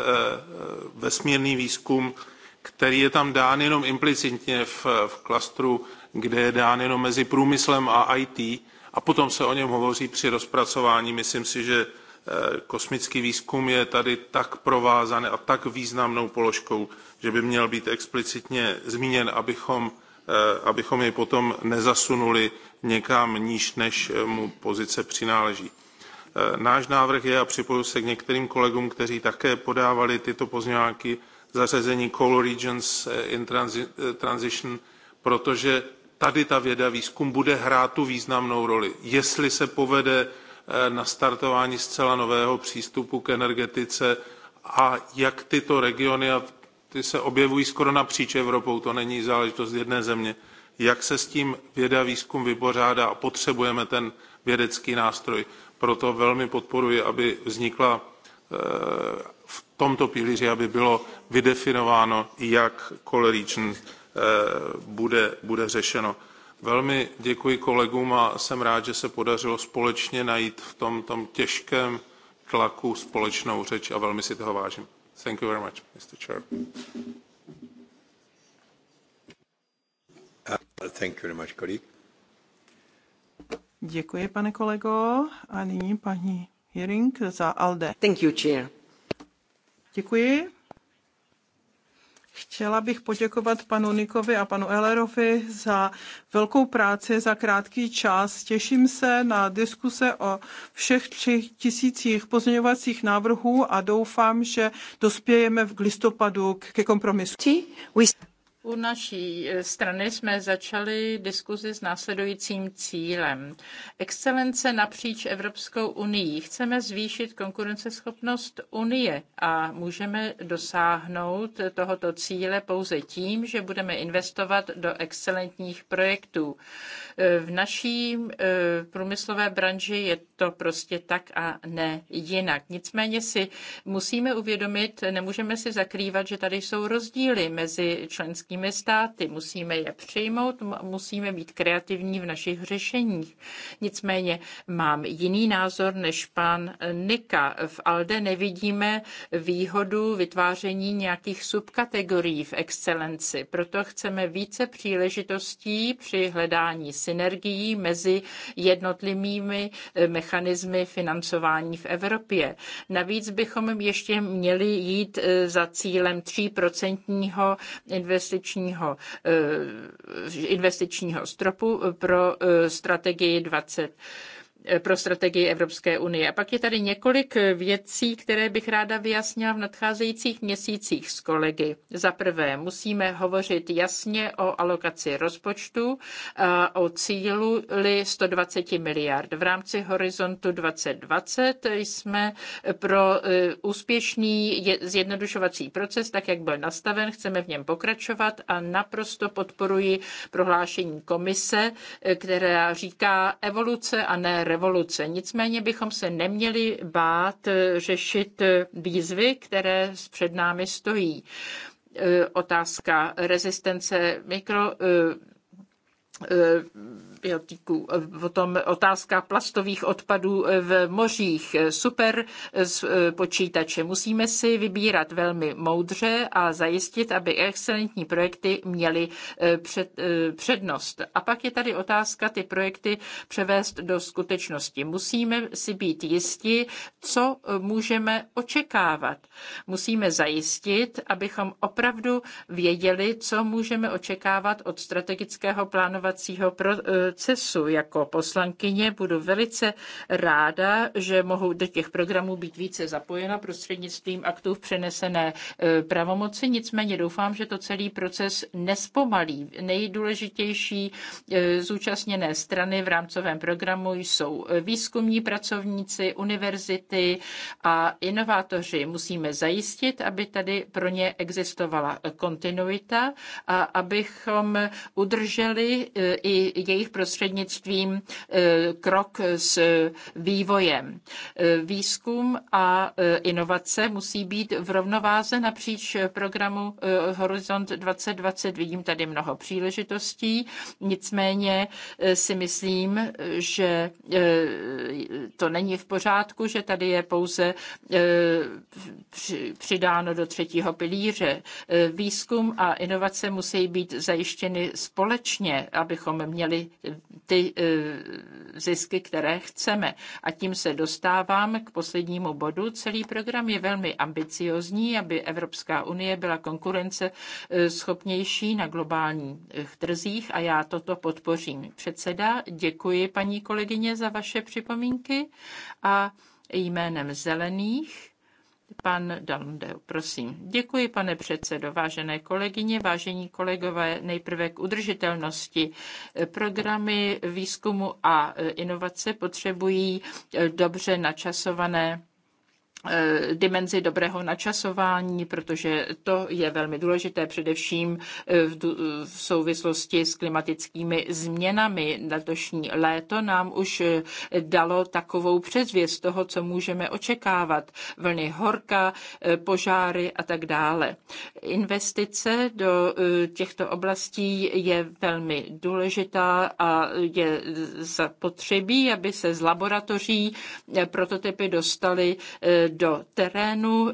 Speaker 3: vesmírný výzkum, který je tam dán jenom implicitně v, v klastru, kde je dán jenom mezi průmyslem a IT, a potom se o něm hovoří při rozpracování. Myslím si, že Eh, kosmický výzkum je tady tak provázaný a tak významnou položkou, že by měl být explicitně zmíněn, abychom, eh, abychom jej potom nezasunuli někam níž, než mu pozice přináleží. Eh, náš návrh je, a připoju se k některým kolegům, kteří také podávali tyto pozměňováky, zařazení Coal Regions in Transition, protože tady ta věda výzkum bude hrát tu významnou roli. Jestli se povede Eh, nastartování zcela nového přístupu k energetice a jak tyto regiony, a ty se objevují skoro napříč Evropou, to není záležitost jedné země, jak se s tím věda výzkum vypořádá a potřebujeme ten vědecký nástroj. Proto velmi podporuji, aby vznikla eh, v tomto pilíři, aby bylo vydefinováno, jak Call eh, bude, bude řešeno. Velmi děkuji kolegům a jsem rád, že se podařilo společně najít v tom, tom těžkém tlaku společnou řeč a velmi si toho vážím. Thank you very much, Mr. Chair. Uh, thank you very much, colleague.
Speaker 2: Děkuji, pane kolego. A nyní paní Hering za ALDE. Thank you, Chair. Děkuji. Chtěla bych poděkovat panu Nikovi a panu Ellerovi za velkou práci za krátký čas. Těším se na diskuse o všech třech tisících pozměňovacích návrhů a doufám, že dospějeme v listopadu ke kompromisu.
Speaker 4: U naší eh, strany jsme začali diskuzi s následujícím cílem. Excelence napříč Evropskou unii. Chceme zvýšit konkurenceschopnost Unie a můžeme dosáhnout tohoto cíle pouze tím, že budeme investovat do excelentních projektů. Eh, v naší eh, průmyslové branži je to prostě tak a ne jinak. Nicméně si musíme uvědomit, nemůžeme si zakrývat, že tady jsou rozdíly mezi členskými členskými státy. Musíme je přijmout, musíme být kreativní v našich řešeních. Nicméně mám jiný názor než pan Nika. V ALDE nevidíme výhodu vytváření nějakých subkategorií v excelenci. Proto chceme více příležitostí při hledání synergií mezi jednotlivými eh, mechanismy financování v Evropě. Navíc bychom ještě měli jít eh, za cílem 3% investiční investičního, eh, investičního stropu pro eh, strategii 20 Eh, pro strategii Evropské unie. A pak je tady několik věcí, které bych ráda vyjasnila v nadcházejících měsících s kolegy. Za prvé, musíme hovořit jasně o alokaci rozpočtu, o cílu 120 miliard. V rámci horizontu 2020 jsme pro eh, úspěšný zjednodušovací proces, tak jak byl nastaven, chceme v něm pokračovat a naprosto podporuji prohlášení komise, eh, která říká evoluce a ne revoluce. Nicméně bychom se neměli bát eh, řešit eh, výzvy, které před námi stojí. Eh, otázka rezistence mikro Eh, Jeltíku, potom otázka plastových odpadů v mořích, super eh, počítače. Musíme si vybírat velmi moudře a zajistit, aby excelentní projekty měly eh, před, přednost. A pak je tady otázka ty projekty převést do skutečnosti. Musíme si být jisti, co můžeme očekávat. Musíme zajistit, abychom opravdu věděli, co můžeme očekávat od strategického plánování rozhodovacího procesu. Jako poslankyně budu velice ráda, že mohu do těch programů být více zapojena prostřednictvím aktů v přenesené e, pravomoci. Nicméně doufám, že to celý proces nespomalí. Nejdůležitější e, zúčastněné strany v rámcovém programu jsou výzkumní pracovníci, univerzity a inovátoři. Musíme zajistit, aby tady pro ně existovala kontinuita a abychom udrželi e, Eh, i jejich prostřednictvím eh, krok s vývojem. Eh, výzkum a inovace musí být v rovnováze napříč programu Horizont 2020. Vidím tady mnoho příležitostí, nicméně si myslím, že to není v pořádku, že tady je pouze přidáno do třetího pilíře. Výzkum a inovace musí být zajištěny společně, aby abychom měli ty e, zisky, které chceme. A tím se dostávám k poslednímu bodu. Celý program je velmi ambiciozní, aby Evropská unie byla konkurence e, schopnější na globálních e, trzích a já toto podpořím. Předseda, děkuji paní kolegyně za vaše připomínky a jménem zelených Pan Dalundeu, prosím. Děkuji, pane předsedo. Vážené kolegyně, vážení kolegové, nejprve k udržitelnosti. Programy výzkumu a inovace potřebují dobře načasované Eh, dimenzi dobrého načasování, protože to je velmi důležité především eh, v, v souvislosti s klimatickými změnami. Letošní léto nám už eh, dalo takovou předzvěst toho, co můžeme očekávat. Vlny horka, požáry a tak dále. Investice do těchto oblastí je velmi důležitá a je zapotřebí, aby se z laboratoří prototypy dostaly do terénu eh,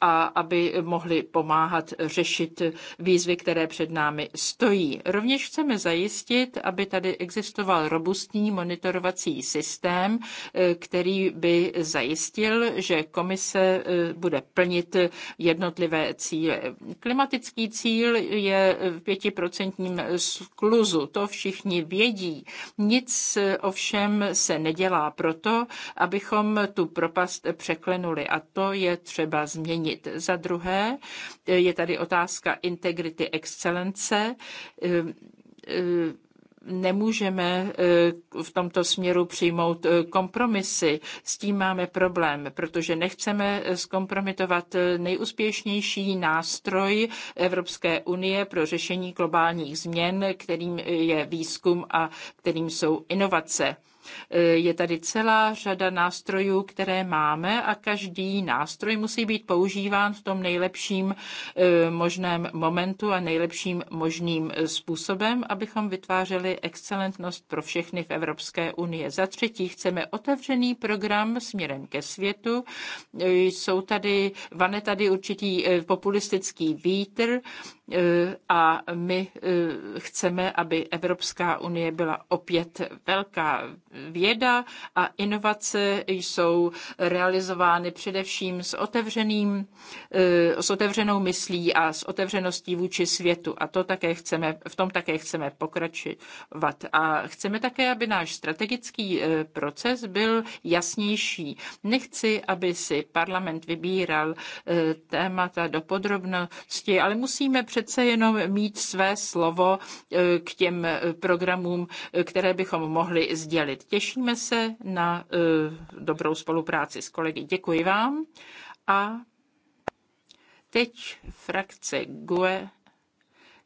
Speaker 4: a aby mohli pomáhat řešit výzvy, které před námi stojí. Rovněž chceme zajistit, aby tady existoval robustní monitorovací systém, eh, který by zajistil, že komise eh, bude plnit jednotlivé cíle. Klimatický cíl je v pětiprocentním skluzu, to všichni vědí. Nic ovšem se nedělá proto, abychom tu propast překlenuli uplynuly a to je třeba změnit. Za druhé je tady otázka integrity excelence nemůžeme eh, v tomto směru přijmout eh, kompromisy. S tím máme problém, protože nechceme eh, zkompromitovat nejúspěšnější nástroj Evropské unie pro řešení globálních změn, kterým je výzkum a kterým jsou inovace. E, je tady celá řada nástrojů, které máme a každý nástroj musí být používán v tom nejlepším e, možném momentu a nejlepším možným způsobem, abychom vytvářeli excelentnost pro všechny v Evropské unii. Za třetí chceme otevřený program směrem ke světu. E, jsou tady, vane tady určitý populistický vítr, E, a my e, chceme, aby Evropská unie byla opět velká věda a inovace jsou realizovány především s, otevřeným, e, s otevřenou myslí a s otevřeností vůči světu a to také chceme, v tom také chceme pokračovat. A chceme také, aby náš strategický proces byl jasnější. Nechci, aby si parlament vybíral témata do podrobnosti, ale musíme před přece jenom mít své slovo e, k těm e, programům, e, které bychom mohli sdělit. Těšíme se na dobrou spolupráci s kolegy. Děkuji vám. A teď frakce GUE,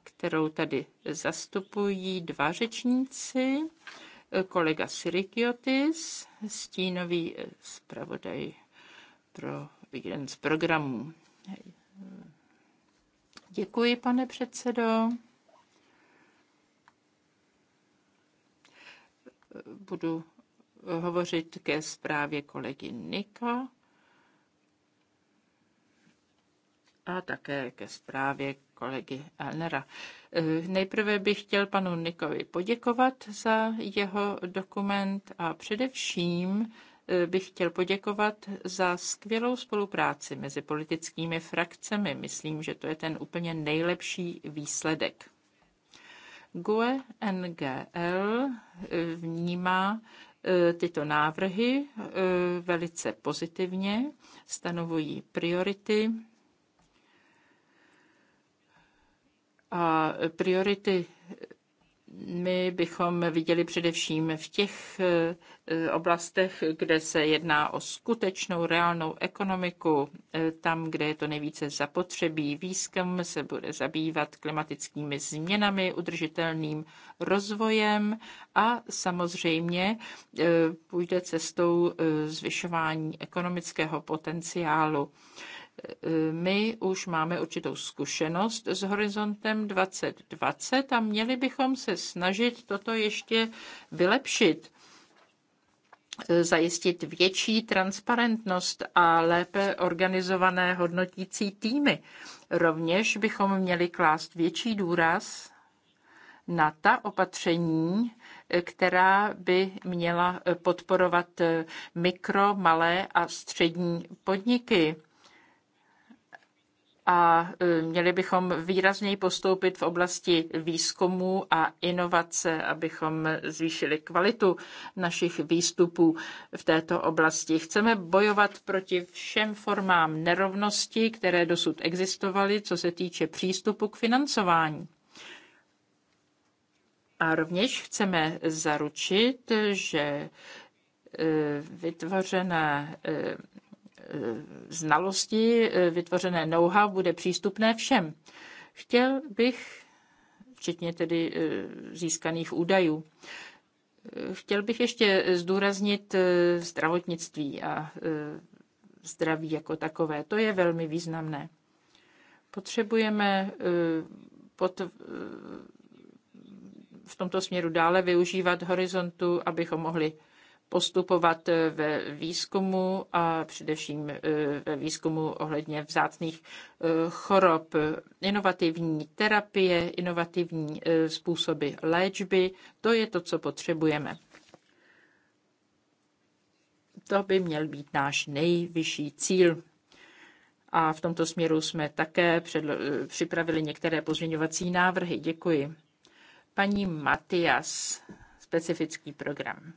Speaker 4: kterou tady zastupují dva řečníci, kolega Sirikiotis, stínový zpravodaj pro jeden z programů. Děkuji, pane předsedo. Budu hovořit ke zprávě kolegy Nika a také ke zprávě kolegy Elnera. Nejprve bych chtěl panu Nikovi poděkovat za jeho dokument a především Eh, bych chtěl poděkovat za skvělou spolupráci mezi politickými frakcemi. Myslím, že to je ten úplně nejlepší výsledek. GUE NGL eh, vnímá eh, tyto návrhy velice pozitivně, stanovují priority a priority my bychom viděli především v těch e, oblastech, kde se jedná o skutečnou reálnou ekonomiku, e, tam, kde je to nejvíce zapotřebí. Výzkum se bude zabývat klimatickými změnami, udržitelným rozvojem a samozřejmě e, půjde cestou zvyšování ekonomického potenciálu. My už máme určitou zkušenost s horizontem 2020 a měli bychom se snažit toto ještě vylepšit zajistit větší transparentnost a lépe organizované hodnotící týmy. Rovněž bychom měli klást větší důraz na ta opatření, která by měla podporovat mikro, malé a střední podniky a e, měli bychom výrazněji postoupit v oblasti výzkumu a inovace, abychom zvýšili kvalitu našich výstupů v této oblasti. Chceme bojovat proti všem formám nerovnosti, které dosud existovaly, co se týče přístupu k financování. A rovněž chceme zaručit, že e, vytvořené e, Eh, znalosti, eh, vytvořené know-how bude přístupné všem. Chtěl bych, včetně tedy eh, získaných údajů, chtěl bych ještě zdůraznit zdravotnictví a zdraví jako takové. To je velmi významné. Potřebujeme pod, v tomto směru dále využívat horizontu, abychom mohli postupovat eh, ve výzkumu a především eh, ve výzkumu ohledně vzácných eh, chorob, inovativní terapie, inovativní způsoby léčby. To je to, co potřebujeme. To by měl být náš nejvyšší cíl. A v tomto směru jsme také připravili některé pozměňovací návrhy. Děkuji. Paní Matias, specifický program.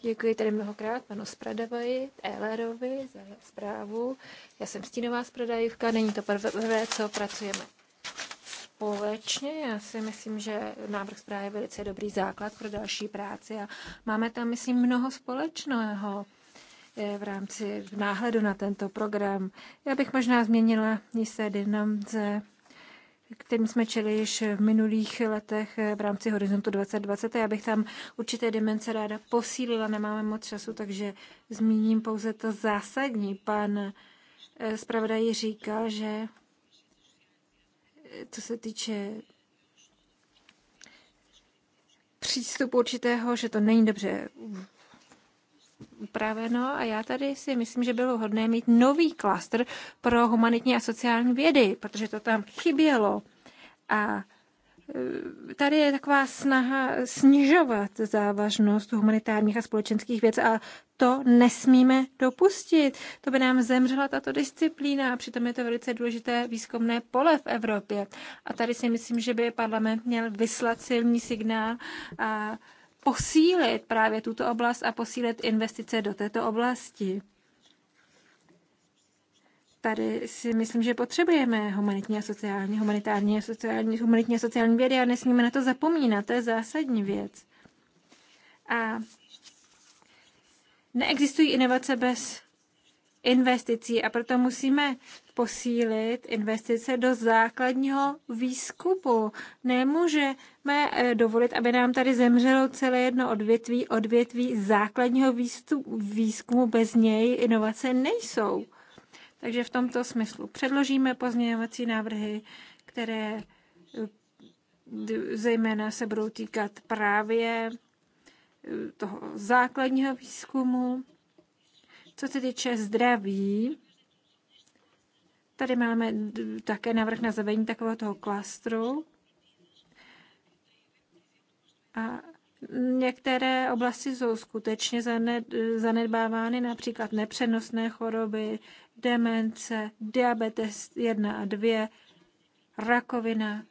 Speaker 1: Děkuji tady mnohokrát panu Spradovi, Ehlerovi za zprávu. Já jsem stínová spradajivka, není to prvé, co pracujeme společně. Já si myslím, že návrh zprávy je velice dobrý základ pro další práci a máme tam, myslím, mnoho společného. Eh, v rámci náhledu na tento program. Já bych možná změnila jisté dynamice, kterým jsme čeli již v minulých letech eh, v rámci Horizontu 2020. Já bych tam určité dimence ráda posílila, nemáme moc času, takže zmíním pouze to zásadní. Pan eh, zpravodaj říkal, že co se týče přístupu určitého, že to není dobře upraveno a já tady si myslím, že bylo hodné mít nový klastr pro humanitní a sociální vědy, protože to tam chybělo. A e, tady je taková snaha snižovat závažnost humanitárních a společenských věcí a to nesmíme dopustit. To by nám zemřela tato disciplína a přitom je to velice důležité výzkumné pole v Evropě. A tady si myslím, že by parlament měl vyslat silný signál a posílit právě tuto oblast a posílit investice do této oblasti. Tady si myslím, že potřebujeme humanitní a sociální, humanitární a sociální, humanitní a sociální vědy a nesmíme na to zapomínat, to je zásadní věc. A neexistují inovace bez investicí a proto musíme posílit investice do základního výzkumu. Nemůže nemůžeme eh, dovolit, aby nám tady zemřelo celé jedno odvětví, odvětví základního výzkumu, bez něj inovace nejsou. Takže v tomto smyslu předložíme pozměňovací návrhy, které eh, zejména se budou týkat právě eh, toho základního výzkumu. Co se týče zdraví, tady máme také návrh na zavedení takového toho klastru. A některé oblasti jsou skutečně zanedbávány, například nepřenosné choroby, demence, diabetes 1 a 2, rakovina,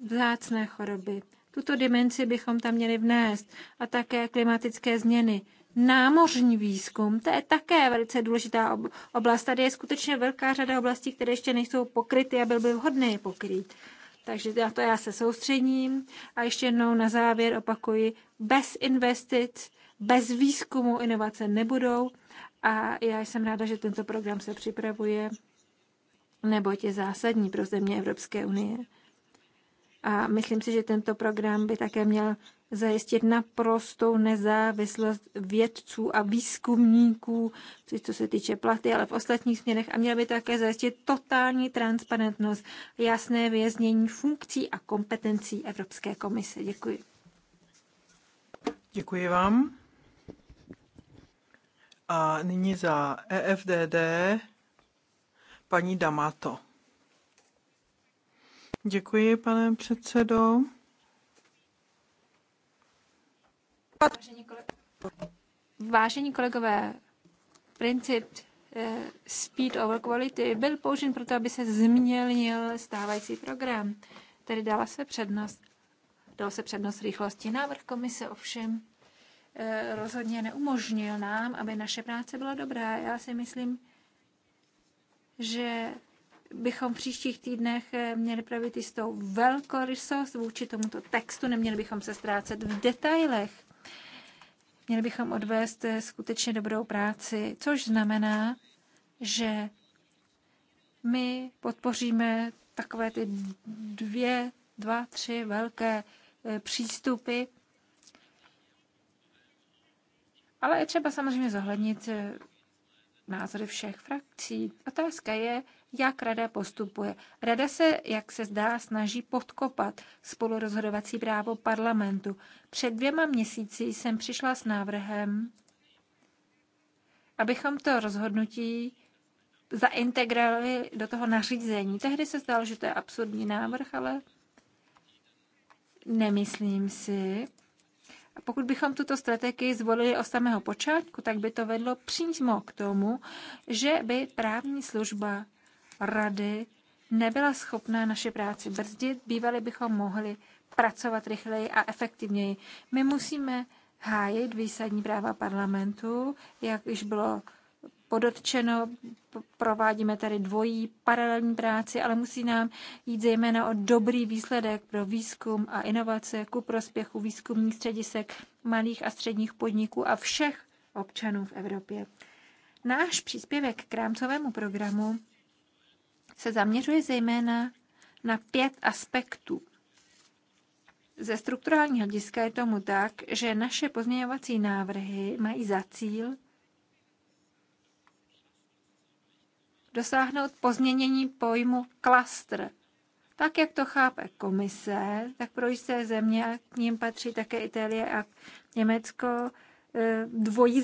Speaker 1: vzácné choroby. Tuto dimenci bychom tam měli vnést a také klimatické změny. Námořní výzkum, to je také velice důležitá oblast. Tady je skutečně velká řada oblastí, které ještě nejsou pokryty a byl by vhodné je pokrýt. Takže na to já se soustředím. A ještě jednou na závěr opakuji, bez investic, bez výzkumu inovace nebudou. A já jsem ráda, že tento program se připravuje, neboť je zásadní pro země Evropské unie. A myslím si, že tento program by také měl zajistit naprostou nezávislost vědců a výzkumníků, což co se týče platy, ale v ostatních směrech a měla by také zajistit totální transparentnost, jasné věznění funkcí a kompetencí Evropské komise.
Speaker 2: Děkuji. Děkuji vám. A nyní za EFDD paní Damato. Děkuji, pane předsedo.
Speaker 1: Vážení kolegové, princip eh, speed over quality byl použit proto, aby se změnil stávající program. Tedy dala se přednost, dala se přednost rychlosti. Návrh komise ovšem eh, rozhodně neumožnil nám, aby naše práce byla dobrá. Já si myslím, že bychom v příštích týdnech eh, měli pravit jistou velkorysost vůči tomuto textu, neměli bychom se ztrácet v detailech. Měli bychom odvést eh, skutečně dobrou práci, což znamená, že my podpoříme takové ty dvě, dva, tři velké eh, přístupy. Ale je třeba samozřejmě zohlednit eh, názory všech frakcí. Otázka je, jak rada postupuje. Rada se, jak se zdá, snaží podkopat spolurozhodovací právo parlamentu. Před dvěma měsíci jsem přišla s návrhem, abychom to rozhodnutí zaintegrovali do toho nařízení. Tehdy se zdalo, že to je absurdní návrh, ale nemyslím si. A pokud bychom tuto strategii zvolili od samého počátku, tak by to vedlo přímo k tomu, že by právní služba rady nebyla schopná naše práci brzdit, bývali bychom mohli pracovat rychleji a efektivněji. My musíme hájit výsadní práva parlamentu, jak již bylo podotčeno, provádíme tady dvojí paralelní práci, ale musí nám jít zejména o dobrý výsledek pro výzkum a inovace ku prospěchu výzkumních středisek malých a středních podniků a všech občanů v Evropě. Náš příspěvek k rámcovému programu se zaměřuje zejména na pět aspektů. Ze strukturálního hlediska je tomu tak, že naše pozměňovací návrhy mají za cíl dosáhnout pozměnění pojmu klastr. Tak, jak to chápe komise, tak pro jisté země, a k ním patří také Itálie a Německo, dvojí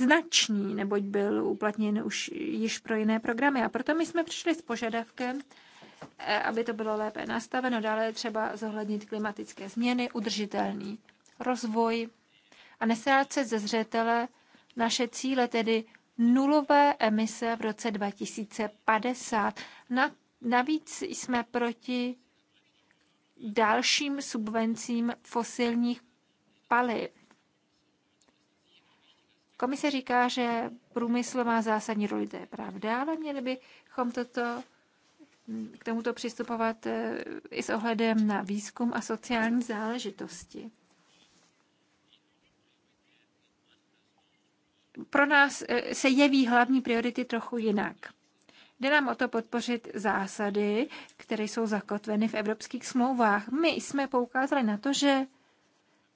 Speaker 1: neboť byl uplatněn už již pro jiné programy. A proto my jsme přišli s požadavkem, eh, aby to bylo lépe nastaveno. Dále třeba zohlednit klimatické změny, udržitelný rozvoj a nesrát se ze zřetele naše cíle, tedy nulové emise v roce 2050. Na, navíc jsme proti dalším subvencím fosilních paliv. Komise říká, že průmysl má zásadní roli, to je pravda, ale měli bychom toto, k tomuto přistupovat eh, i s ohledem na výzkum a sociální záležitosti. Pro nás eh, se jeví hlavní priority trochu jinak. Jde nám o to podpořit zásady, které jsou zakotveny v evropských smlouvách. My jsme poukázali na to, že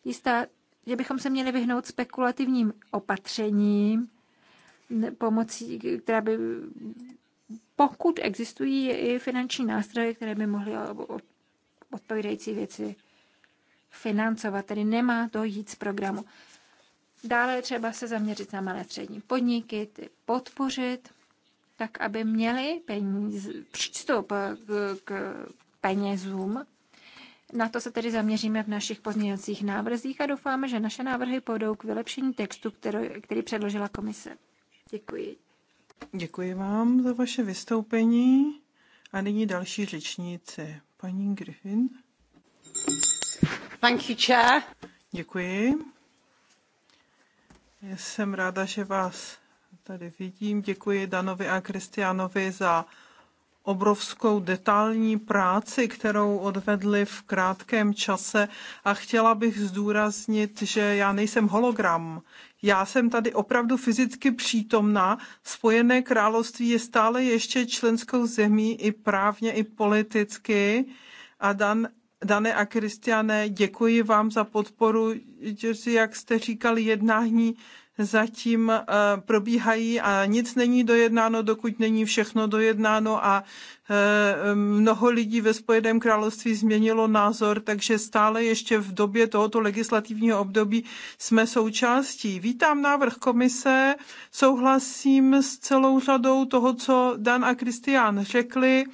Speaker 1: jistá že bychom se měli vyhnout spekulativním opatřením, pomocí, která by, pokud existují i finanční nástroje, které by mohly odpovídající věci financovat, tedy nemá to jít z programu. Dále je třeba se zaměřit na malé střední podniky, ty podpořit, tak aby měli peníze přístup k, k penězům, na to se tedy zaměříme v našich pozměňovacích návrzích a doufáme, že naše návrhy půjdou k vylepšení textu, který, který předložila komise.
Speaker 2: Děkuji. Děkuji vám za vaše vystoupení. A nyní další řečníci. Paní Griffin. Thank you, chair. Děkuji. Já jsem ráda, že vás tady vidím. Děkuji Danovi a Kristianovi za obrovskou detailní práci, kterou odvedli v krátkém čase a chtěla bych zdůraznit, že já nejsem hologram. Já jsem tady opravdu fyzicky přítomná. Spojené království je stále ještě členskou zemí i právně, i politicky. A Dan Dane a Kristiane, děkuji vám za podporu, jak jste říkali, jednání zatím eh, probíhají a nic není dojednáno, dokud není všechno dojednáno a eh, mnoho lidí ve Spojeném království změnilo názor, takže stále ještě v době tohoto legislativního období jsme součástí. Vítám návrh komise, souhlasím s celou řadou toho, co Dan a Kristián řekli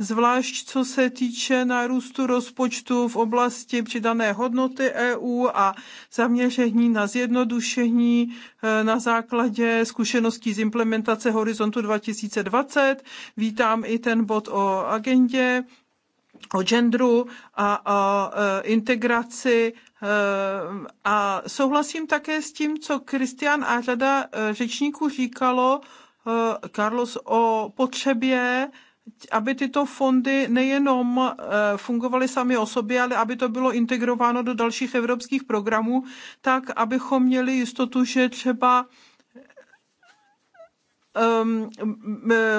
Speaker 2: zvlášť co se týče nárůstu rozpočtu v oblasti přidané hodnoty EU a zaměření na zjednodušení e, na základě zkušeností z implementace Horizontu 2020. Vítám i ten bod o agendě o genderu a o e, integraci e, a souhlasím také s tím, co Kristian a řada řečníků říkalo, Carlos, o potřebě aby tyto fondy nejenom eh, fungovaly sami o sobě, ale aby to bylo integrováno do dalších evropských programů, tak abychom měli jistotu, že třeba Um,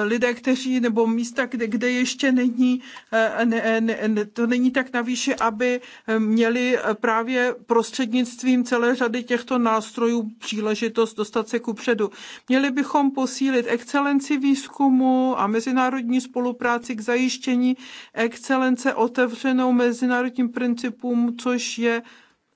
Speaker 2: lidé, kteří, nebo místa, kde, kde ještě není, eh, ne, ne, to není tak na výši, aby eh, měli právě prostřednictvím celé řady těchto nástrojů příležitost dostat se ku předu. Měli bychom posílit excelenci výzkumu a mezinárodní spolupráci k zajištění excelence otevřenou mezinárodním principům, což je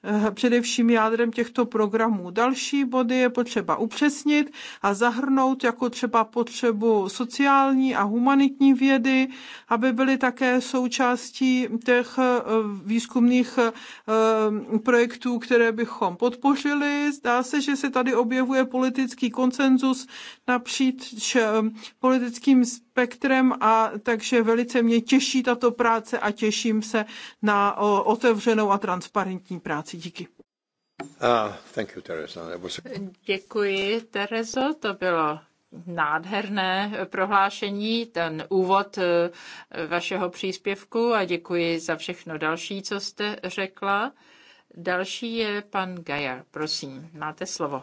Speaker 2: Eh, především jádrem těchto programů. Další body je potřeba upřesnit a zahrnout jako třeba potřebu sociální a humanitní vědy, aby byly také součástí těch eh, výzkumných eh, projektů, které bychom podpořili. Zdá se, že se tady objevuje politický konsenzus napříč politickým spektrem a takže velice mě těší tato práce a těším se na otevřenou a transparentní práci práci. Díky.
Speaker 3: Uh, thank you, Teresa. Was...
Speaker 4: Děkuji, Terezo. To bylo nádherné prohlášení, ten úvod eh, vašeho příspěvku a děkuji za všechno další, co jste řekla. Další je pan Gajar. Prosím, máte slovo.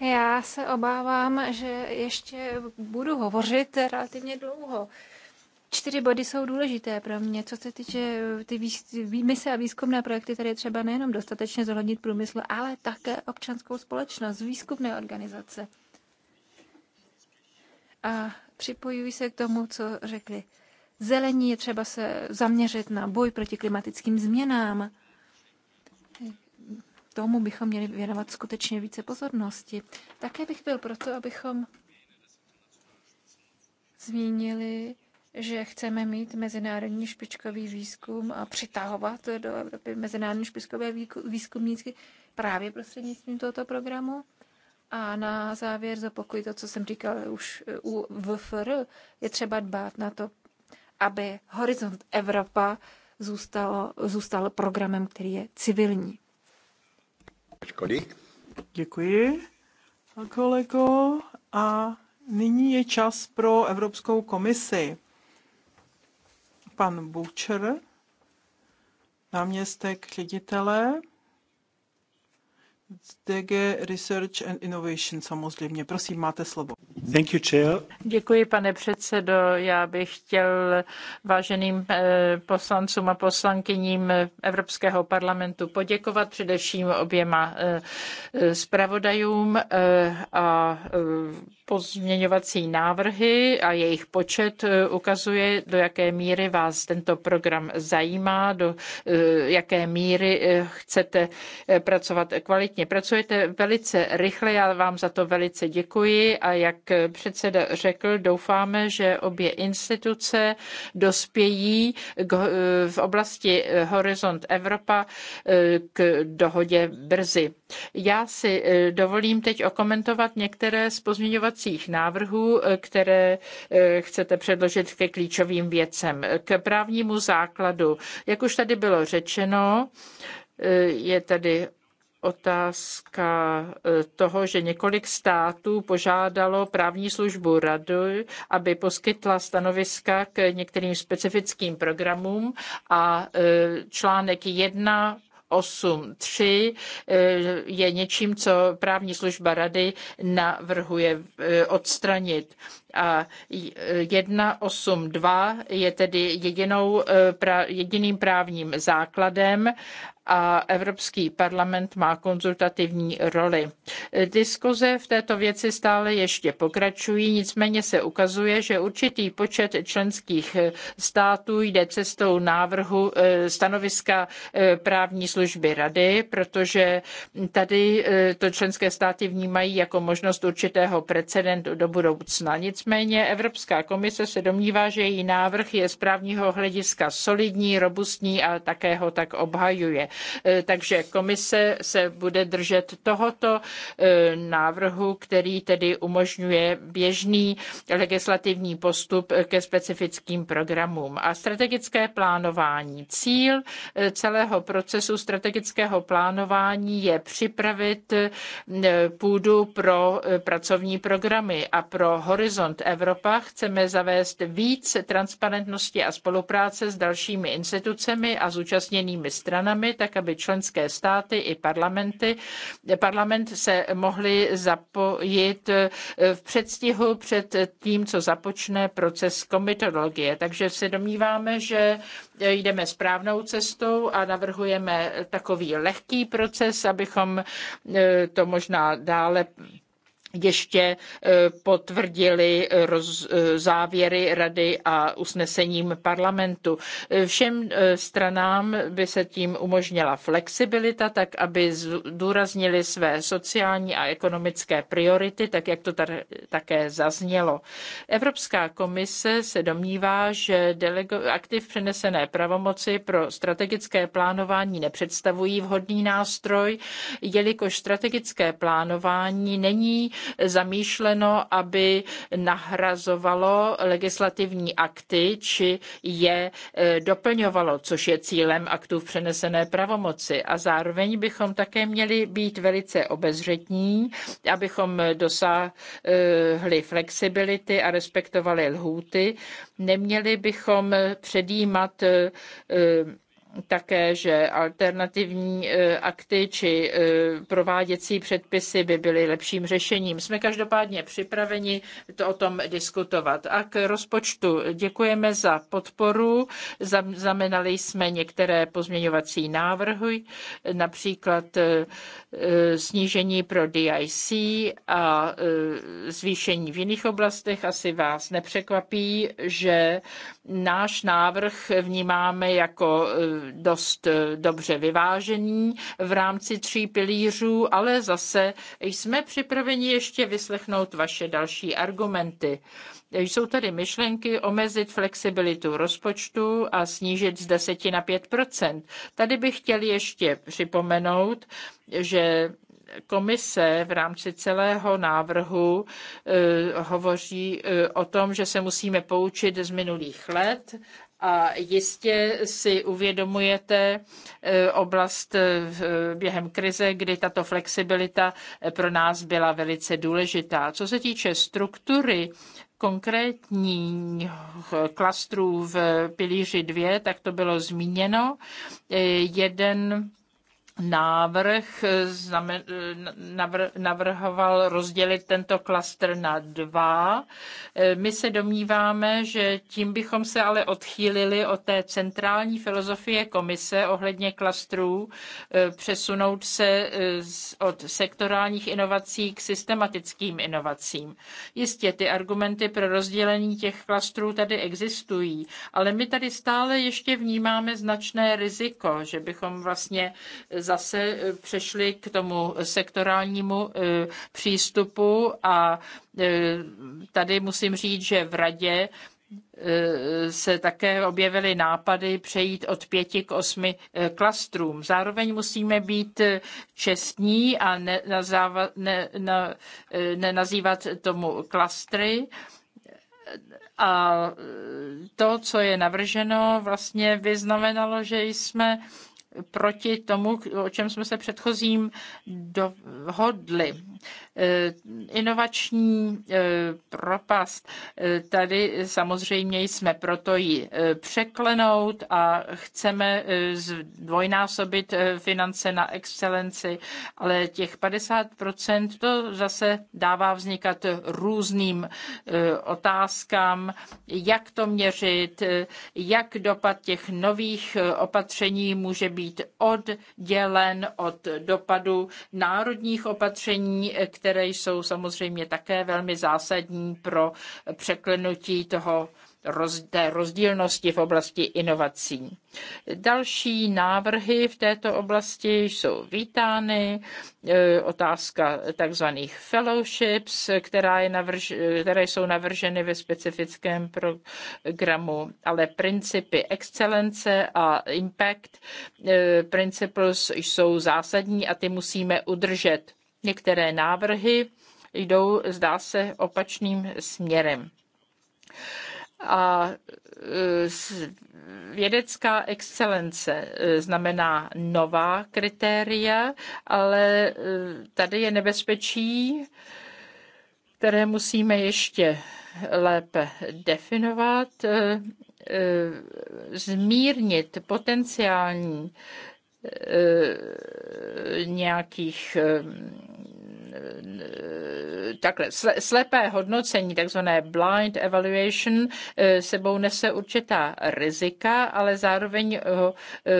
Speaker 1: Já se obávám, že ještě budu hovořit relativně dlouho čtyři body jsou důležité pro mě. Co se týče eh, ty výmysly a výzkumné projekty, tady je třeba nejenom dostatečně zohlednit průmysl, ale také občanskou společnost, výzkumné organizace. A připojuji se k tomu, co řekli. Zelení je třeba se zaměřit na boj proti klimatickým změnám. Tomu bychom měli věnovat skutečně více pozornosti. Také bych byl proto, abychom zmínili že chceme mít mezinárodní špičkový výzkum a přitahovat do Evropy mezinárodní špičkové výzkumníky právě prostřednictvím tohoto programu. A na závěr zopakuji to, co jsem říkal už eh, u VFR. Je třeba dbát na to, aby Horizont Evropa zůstalo, zůstal programem, který je civilní.
Speaker 2: Kolik? Děkuji, kolego. A nyní je čas pro Evropskou komisi pan Butcher, náměstek ředitele DG Research and Innovation samozřejmě. Prosím, máte slovo.
Speaker 1: Thank you, chair.
Speaker 4: Děkuji, pane předsedo. Já bych chtěl váženým eh, poslancům a poslankyním Evropského parlamentu poděkovat především oběma eh, eh, zpravodajům a pozměňovací návrhy a jejich počet ukazuje, do jaké míry vás tento program zajímá, do jaké míry chcete pracovat kvalitně kvalitně. Pracujete velice rychle, já vám za to velice děkuji a jak předseda řekl, doufáme, že obě instituce dospějí k, v oblasti eh, Horizont Evropa eh, k dohodě brzy. Já si eh, dovolím teď okomentovat některé z pozměňovacích návrhů, které chcete předložit ke klíčovým věcem. K právnímu základu, jak už tady bylo řečeno, je tady otázka eh, toho, že několik států požádalo právní službu radu, aby poskytla stanoviska k některým specifickým programům a eh, článek 1 8.3 eh, je něčím, co právní služba rady navrhuje odstranit a 182 je tedy jedinou, e, jediným právním základem a Evropský parlament má konzultativní roli. Diskuze v této věci stále ještě pokračují, nicméně se ukazuje, že určitý počet členských e, států jde cestou návrhu e, stanoviska právní služby rady, protože tady to členské státy vnímají jako možnost určitého precedentu do budoucna. Nicméně Nicméně Evropská komise se domnívá, že její návrh je z právního hlediska solidní, robustní a také ho tak obhajuje. E, takže komise se bude držet tohoto e, návrhu, který tedy umožňuje běžný legislativní postup ke specifickým programům. A strategické plánování. Cíl e, celého procesu strategického plánování je připravit půdu pro pracovní programy a pro horizont Horizont Evropa chceme zavést více transparentnosti a spolupráce s dalšími institucemi a zúčastněnými stranami, tak aby členské státy i parlamenty, parlament se mohli zapojit eh, v předstihu před tím, co započne proces komitologie. Takže se domníváme, že jdeme správnou cestou a navrhujeme takový lehký proces, abychom eh, to možná dále ještě eh, potvrdili eh, roz, eh, závěry rady a usnesením parlamentu. Všem stranám by se tím umožnila flexibilita, tak aby zdůraznili své sociální a ekonomické priority, tak jak to tady také zaznělo. Evropská komise se domnívá, že delego- aktiv přenesené pravomoci pro strategické plánování nepředstavují vhodný nástroj, jelikož strategické plánování není zamýšleno, aby nahrazovalo legislativní akty či je eh, doplňovalo, což je cílem aktů v přenesené pravomoci. A zároveň bychom také měli být velice obezřetní, abychom dosáhli flexibility a respektovali lhůty. Neměli bychom předjímat eh, také, že alternativní e, akty či e, prováděcí předpisy by byly lepším řešením. Jsme každopádně připraveni to o tom diskutovat. A k rozpočtu děkujeme za podporu. Zamenali jsme některé pozměňovací návrhy, například e, snížení pro DIC a zvýšení v jiných oblastech. Asi vás nepřekvapí, že náš návrh vnímáme jako dost eh, dobře vyvážený v rámci tří pilířů, ale zase jsme připraveni ještě vyslechnout vaše další argumenty. Jsou tady myšlenky omezit flexibilitu rozpočtu a snížit z 10 na 5 Tady bych chtěl ještě připomenout, že komise v rámci celého návrhu eh, hovoří eh, o tom, že se musíme poučit z minulých let a jistě si uvědomujete eh, oblast eh, během krize, kdy tato flexibilita eh, pro nás byla velice důležitá. Co se týče struktury konkrétních klastrů v pilíři 2, tak to bylo zmíněno. Jeden návrh eh, eh, navrhoval rozdělit tento klaster na dva. Eh, my se domníváme, že tím bychom se ale odchýlili od té centrální filozofie komise ohledně klastrů, přesunout se od sektorálních inovací k systematickým inovacím. Jistě ty argumenty pro rozdělení těch klastrů tady existují, ale my tady stále ještě vnímáme značné riziko, že bychom vlastně zase eh, přešli k tomu sektorálnímu eh, přístupu a eh, tady musím říct, že v radě se také objevily nápady přejít od pěti k osmi klastrům. Zároveň musíme být čestní a nenazývat ne, na, ne tomu klastry. A to, co je navrženo, vlastně vyznamenalo, že jsme proti tomu, o čem jsme se předchozím dohodli. Eh, inovační eh, propast. Eh, tady samozřejmě jsme proto ji překlenout a chceme zdvojnásobit finance na excelenci, ale těch 50% to zase dává vznikat různým otázkám, jak to měřit, jak dopad těch nových opatření může být oddělen od dopadu národních opatření, které jsou samozřejmě také velmi zásadní pro překlenutí toho té rozdílnosti v oblasti inovací. Další návrhy v této oblasti jsou vítány. E, otázka tzv. fellowships, která je navrž, které jsou navrženy ve specifickém programu, ale principy excelence a impact e, principles jsou zásadní a ty musíme udržet Některé návrhy jdou, zdá se, opačným směrem a e, vědecká excelence e, znamená nová kritéria, ale e, tady je nebezpečí, které musíme ještě lépe definovat, zmírnit potenciální Eh, nějakých eh, takhle slepé hodnocení, takzvané blind evaluation, eh, sebou nese určitá rizika, ale zároveň ho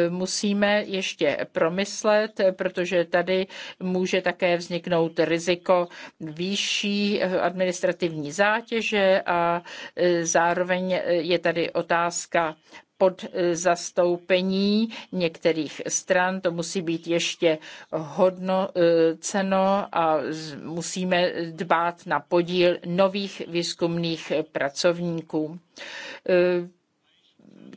Speaker 4: musíme ještě promyslet, protože tady může také vzniknout riziko výšší administrativní zátěže a zároveň je tady otázka podzastoupení eh, některých stran. To musí být ještě hodnoceno a musíme dbát na podíl nových výzkumných pracovníků. Eh,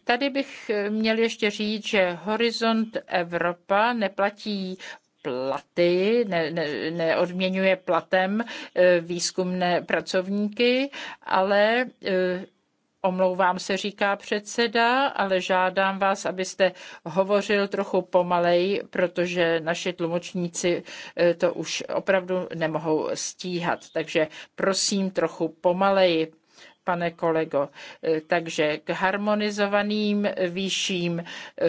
Speaker 4: tady bych měl ještě říct, že Horizont Evropa neplatí platy, ne, ne, neodměňuje platem eh, výzkumné pracovníky, ale Omlouvám se, říká předseda, ale žádám vás, abyste hovořil trochu pomalej, protože naši tlumočníci eh, to už opravdu nemohou stíhat. Takže prosím trochu pomaleji pane kolego. Eh, takže k harmonizovaným výším eh,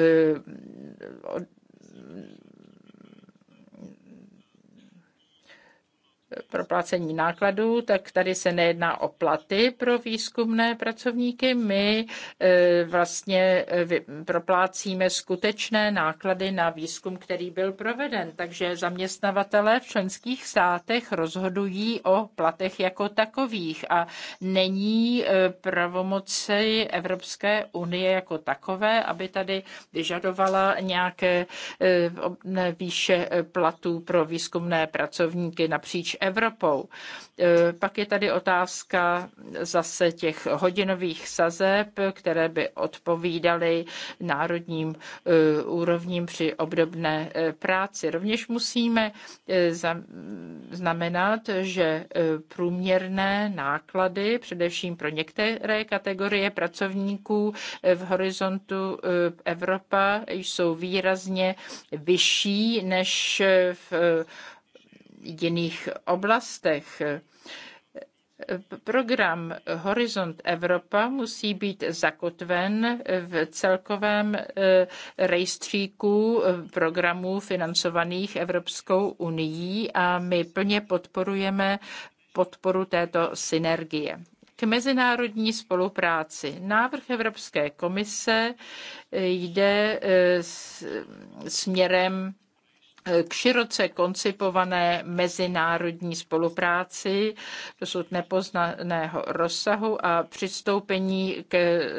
Speaker 4: proplacení nákladů, tak tady se nejedná o platy pro výzkumné pracovníky. My eh, vlastně eh, proplácíme skutečné náklady na výzkum, který byl proveden. Takže zaměstnavatele v členských státech rozhodují o platech jako takových a není eh, pravomoci Evropské unie jako takové, aby tady vyžadovala nějaké výše platů pro výzkumné pracovníky napříč Evropou. E, pak je tady otázka zase těch hodinových sazeb, které by odpovídaly národním e, úrovním při obdobné e, práci. Rovněž musíme znamenat, že průměrné náklady, především pro některé kategorie pracovníků v horizontu Evropa, jsou výrazně vyšší než v jiných oblastech. Program Horizont Evropa musí být zakotven v celkovém eh, rejstříku eh, programů financovaných Evropskou unii a my plně podporujeme podporu této synergie k mezinárodní spolupráci. Návrh Evropské komise eh, jde směrem k široce koncipované mezinárodní spolupráci dosud nepoznaného rozsahu a přistoupení k e,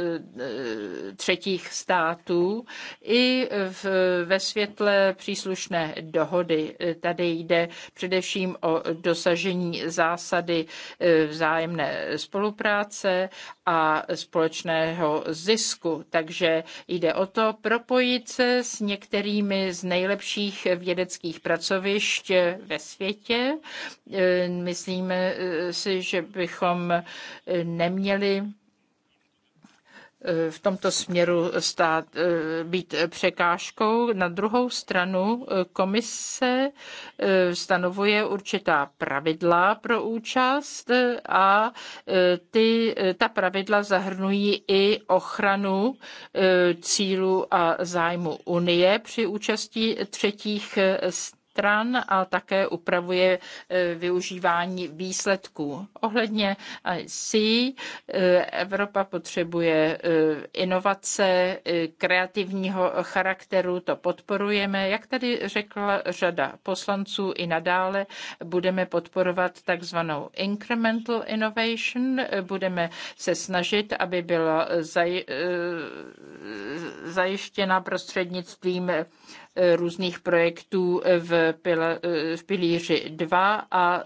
Speaker 4: třetích států i v, ve světle příslušné dohody. Tady jde především o dosažení zásady e, vzájemné spolupráce a společného zisku. Takže jde o to propojit se s některými z nejlepších vědeckých vědeckých pracovišť ve světě. E, myslíme e, si, že bychom neměli Eh, v tomto směru stát, eh, být překážkou. Na druhou stranu eh, komise stanovuje určitá pravidla pro účast a ty, ta pravidla zahrnují i ochranu cílů a zájmu Unie při účasti třetích stran stran, a také upravuje e, využívání výsledků. Ohledně C, e, Evropa potřebuje e, inovace kreativního charakteru, to podporujeme. Jak tady řekla řada poslanců i nadále, budeme podporovat takzvanou incremental innovation, budeme se snažit, aby byla zajištěna prostřednictvím různých projektů v, pila, v pilíři 2 a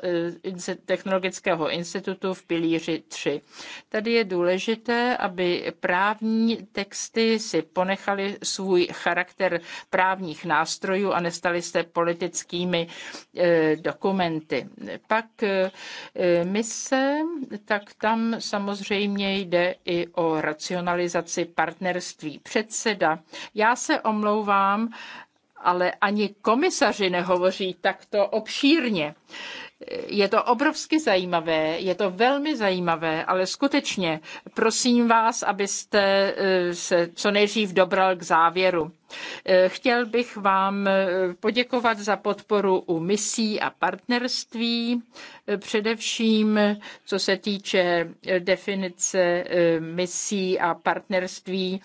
Speaker 4: Technologického institutu v pilíři 3. Tady je důležité, aby právní texty si ponechaly svůj charakter právních nástrojů a nestaly se politickými e, dokumenty. Pak e, mise, tak tam samozřejmě jde i o racionalizaci partnerství. Předseda, já se omlouvám, ale ani komisaři nehovoří takto obšírně. Je to obrovsky zajímavé, je to velmi zajímavé, ale skutečně prosím vás, abyste eh, se co nejdřív dobral k závěru. Eh, chtěl bych vám eh, poděkovat za podporu u misí a partnerství, eh, především co se týče definice misí a partnerství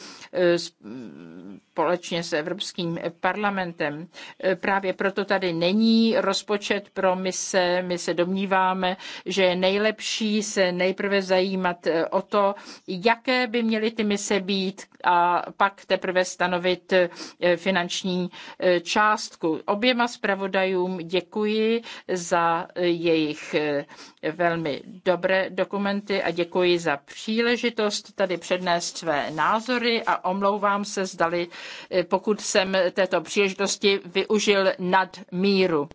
Speaker 4: společně s Evropským parlamentem. Právě proto tady není rozpočet pro mise. My se domníváme, že je nejlepší se nejprve zajímat o to, jaké by měly ty mise být, a pak teprve stanovit eh, finanční eh, částku. Oběma zpravodajům děkuji za eh, jejich velmi dobré dokumenty a děkuji za příležitost tady přednést své názory a omlouvám se, zdali, pokud jsem této příležitosti využil nad míru.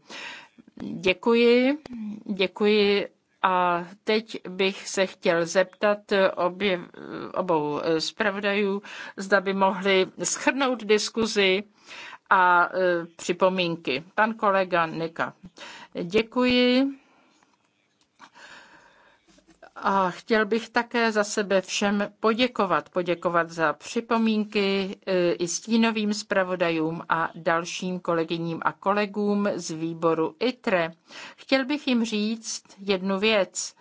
Speaker 4: Děkuji, děkuji a teď bych se chtěl zeptat eh, obě, eh, obou eh, zpravodajů, zda by mohli schrnout diskuzi a připomínky. Pan kolega Nika. Děkuji. A chtěl bych také za sebe všem poděkovat. Poděkovat za připomínky e, i stínovým zpravodajům a dalším kolegyním a kolegům z výboru ITRE. Chtěl bych jim říct jednu věc.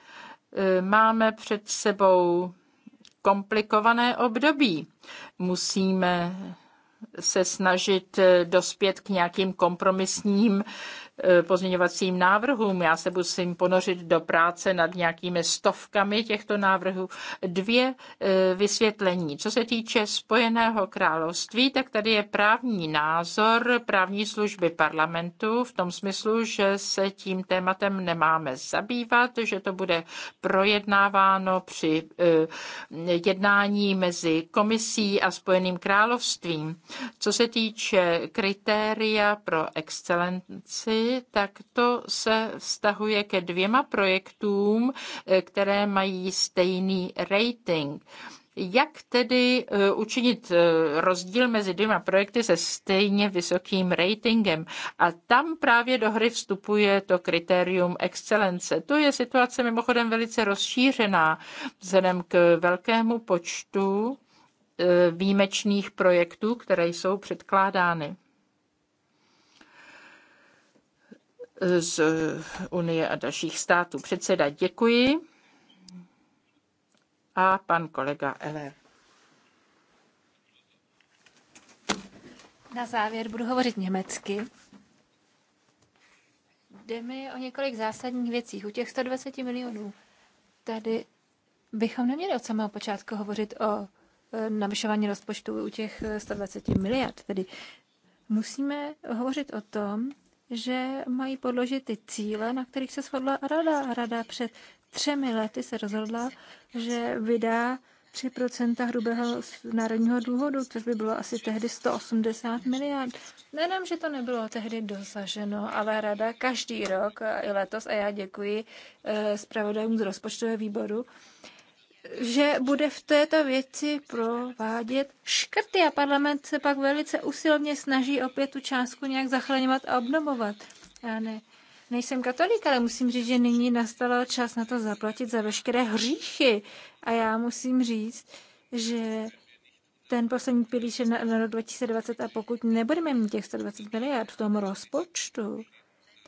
Speaker 4: E, máme před sebou komplikované období. Musíme se snažit e, dospět k nějakým kompromisním Eh, pozměňovacím návrhům. Já se musím ponořit do práce nad nějakými stovkami těchto návrhů. Dvě eh, vysvětlení. Co se týče Spojeného království, tak tady je právní názor právní služby parlamentu v tom smyslu, že se tím tématem nemáme zabývat, že to bude projednáváno při eh, jednání mezi komisí a Spojeným královstvím. Co se týče kritéria pro excelenci, tak to se vztahuje ke dvěma projektům, eh, které mají stejný rating. Jak tedy eh, učinit eh, rozdíl mezi dvěma projekty se stejně vysokým ratingem? A tam právě do hry vstupuje to kritérium excelence. To je situace mimochodem velice rozšířená vzhledem k velkému počtu výjimečných projektů, které jsou předkládány. z Unie a dalších států. Předseda, děkuji. A pan kolega
Speaker 2: Eller.
Speaker 1: Na závěr budu hovořit německy. Jde mi o několik zásadních věcí. U těch 120 milionů tady bychom neměli od samého počátku hovořit o eh, navyšování rozpočtu u těch 120 miliard. Tedy musíme hovořit o tom, že mají podložit ty cíle, na kterých se shodla rada. rada před třemi lety se rozhodla, že vydá 3% hrubého národního důchodu, což by bylo asi tehdy 180 miliard. Nejenom, že to nebylo tehdy dosaženo, ale rada každý rok i letos, a já děkuji eh, zpravodajům z rozpočtového výboru, že bude v této věci provádět škrty a parlament se pak velice usilovně snaží opět tu částku nějak zachraňovat a obnovovat. Já ne, nejsem katolík, ale musím říct, že nyní nastal čas na to zaplatit za veškeré hříchy. A já musím říct, že ten poslední pilíř je na, na rok 2020 a pokud nebudeme mít těch 120 miliard v tom rozpočtu,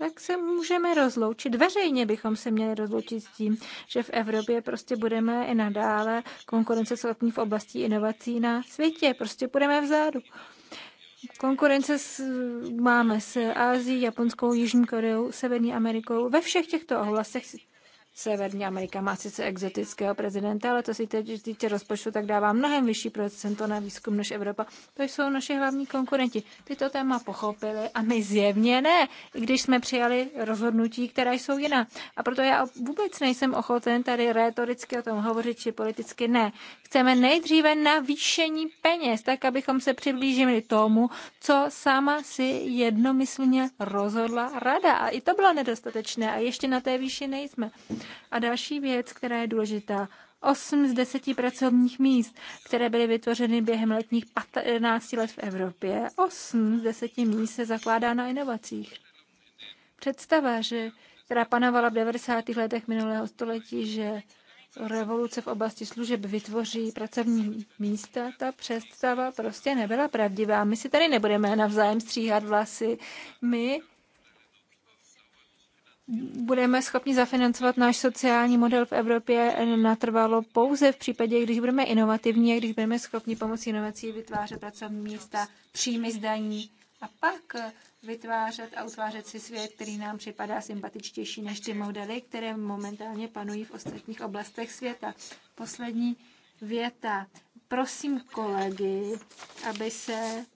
Speaker 1: tak se můžeme rozloučit. Veřejně bychom se měli rozloučit s tím, že v Evropě prostě budeme i nadále konkurenceschopní v oblasti inovací na světě. Prostě budeme vzadu. Konkurence s, máme s Ázií, Japonskou, Jižní Koreou, Severní Amerikou. Ve všech těchto oblastech Severní Amerika má sice exotického prezidenta, ale to si teď týče rozpočtu, tak dává mnohem vyšší procento na výzkum než Evropa. To jsou naše hlavní konkurenti. Ty to téma pochopili a my zjevně ne, i když jsme přijali rozhodnutí, která jsou jiná. A proto já vůbec nejsem ochoten tady retoricky o tom hovořit, či politicky ne. Chceme nejdříve navýšení peněz, tak abychom se přiblížili tomu, co sama si jednomyslně rozhodla rada. A i to bylo nedostatečné a ještě na té výši nejsme. A další věc, která je důležitá, 8 z 10 pracovních míst, které byly vytvořeny během letních 15 let v Evropě, 8 z 10 míst se zakládá na inovacích. Představa, že, která panovala v 90. letech minulého století, že revoluce v oblasti služeb vytvoří pracovní místa, ta představa prostě nebyla pravdivá. My si tady nebudeme navzájem stříhat vlasy. My budeme schopni zafinancovat náš sociální model v Evropě natrvalo pouze v případě, když budeme inovativní a když budeme schopni pomocí inovací vytvářet pracovní místa, příjmy zdaní a pak vytvářet a utvářet si svět, který nám připadá sympatičtější než ty modely, které momentálně panují v ostatních oblastech světa. Poslední věta. Prosím kolegy, aby se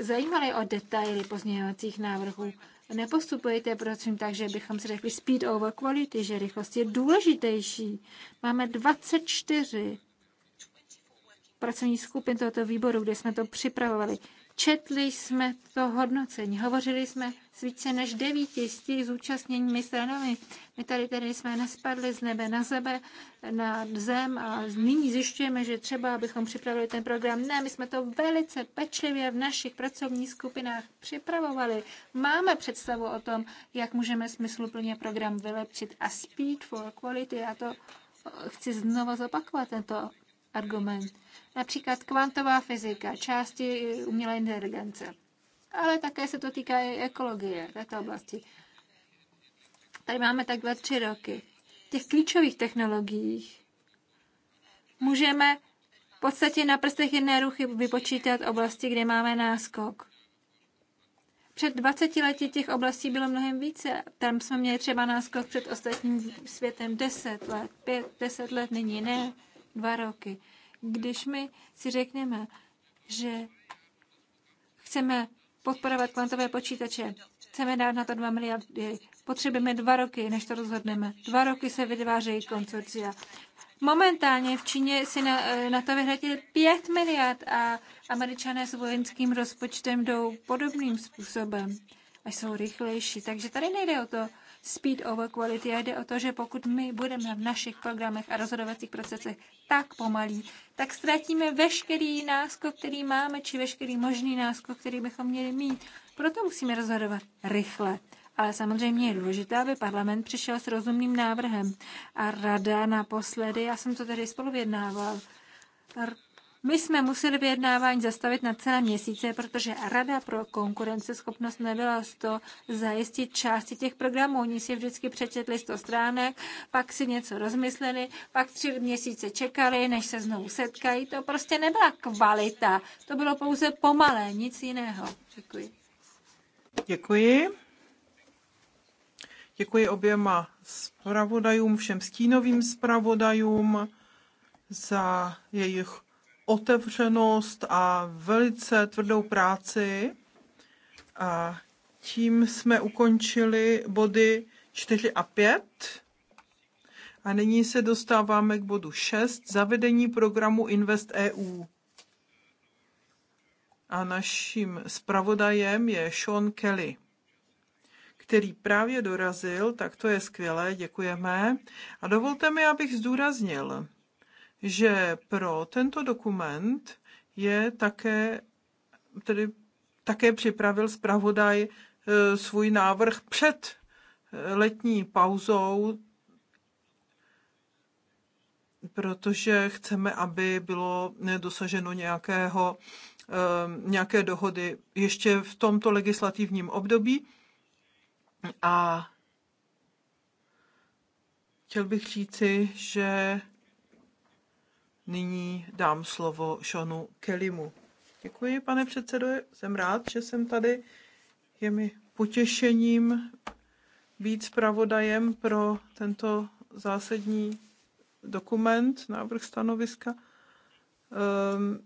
Speaker 1: zajímali o detaily pozměňovacích návrhů nepostupujte prosím tak, že bychom si řekli speed over quality, že rychlost je důležitější. Máme 24 pracovní skupin tohoto výboru, kde jsme to připravovali. Četli jsme to hodnocení, hovořili jsme s více než těch zúčastněními stranami. My tady tedy jsme nespadli z nebe na zebe, na zem a nyní zjišťujeme, že třeba abychom připravili ten program. Ne, my jsme to velice pečlivě v našich pracovních skupinách připravovali. Máme představu o tom, jak můžeme smysluplně program vylepšit a speed for quality, já to chci znovu zopakovat, tento argument. Například kvantová fyzika, části umělé inteligence. Ale také se to týká i ekologie této oblasti. Tady máme takhle tři roky. V těch klíčových technologiích můžeme v podstatě na prstech jedné ruchy vypočítat oblasti, kde máme náskok. Před 20 lety těch oblastí bylo mnohem více. Tam jsme měli třeba náskok před ostatním světem 10 let, 5, 10 let, nyní ne dva roky. Když my si řekneme, že chceme podporovat kvantové počítače, chceme dát na to 2 miliardy, potřebujeme dva roky, než to rozhodneme. Dva roky se vytvářejí konsorcia. Momentálně v Číně si na, na to vyhradili 5 miliard a američané s vojenským rozpočtem jdou podobným způsobem až jsou rychlejší. Takže tady nejde o to, speed over quality a jde o to, že pokud my budeme v našich programech a rozhodovacích procesech tak pomalí, tak ztratíme veškerý náskok, který máme, či veškerý možný náskok, který bychom měli mít. Proto musíme rozhodovat rychle. Ale samozřejmě je důležité, aby parlament přišel s rozumným návrhem. A rada naposledy, já jsem to tady spolu vyjednával, my jsme museli vyjednávání zastavit na celé měsíce, protože Rada pro konkurenceschopnost nebyla z to zajistit části těch programů. Oni si vždycky přečetli 100 stránek, pak si něco rozmysleli, pak tři měsíce čekali, než se znovu setkají. To prostě nebyla kvalita, to bylo pouze pomalé, nic jiného.
Speaker 2: Děkuji. Děkuji. Děkuji oběma zpravodajům, všem stínovým zpravodajům za jejich otevřenost a velice tvrdou práci. A tím jsme ukončili body 4 a 5. A nyní se dostáváme k bodu 6, zavedení programu Invest EU. A naším zpravodajem je Sean Kelly, který právě dorazil, tak to je skvělé, děkujeme. A dovolte mi, abych zdůraznil, že pro tento dokument je také, tedy také připravil zpravodaj e, svůj návrh před e, letní pauzou, protože chceme, aby bylo dosaženo nějakého, e, nějaké dohody ještě v tomto legislativním období. A chtěl bych říci, že nyní dám slovo Seanu Kellymu. Děkuji, pane předsedo, jsem rád, že jsem tady. Je mi potěšením být zpravodajem pro tento zásadní dokument, návrh stanoviska. Ehm,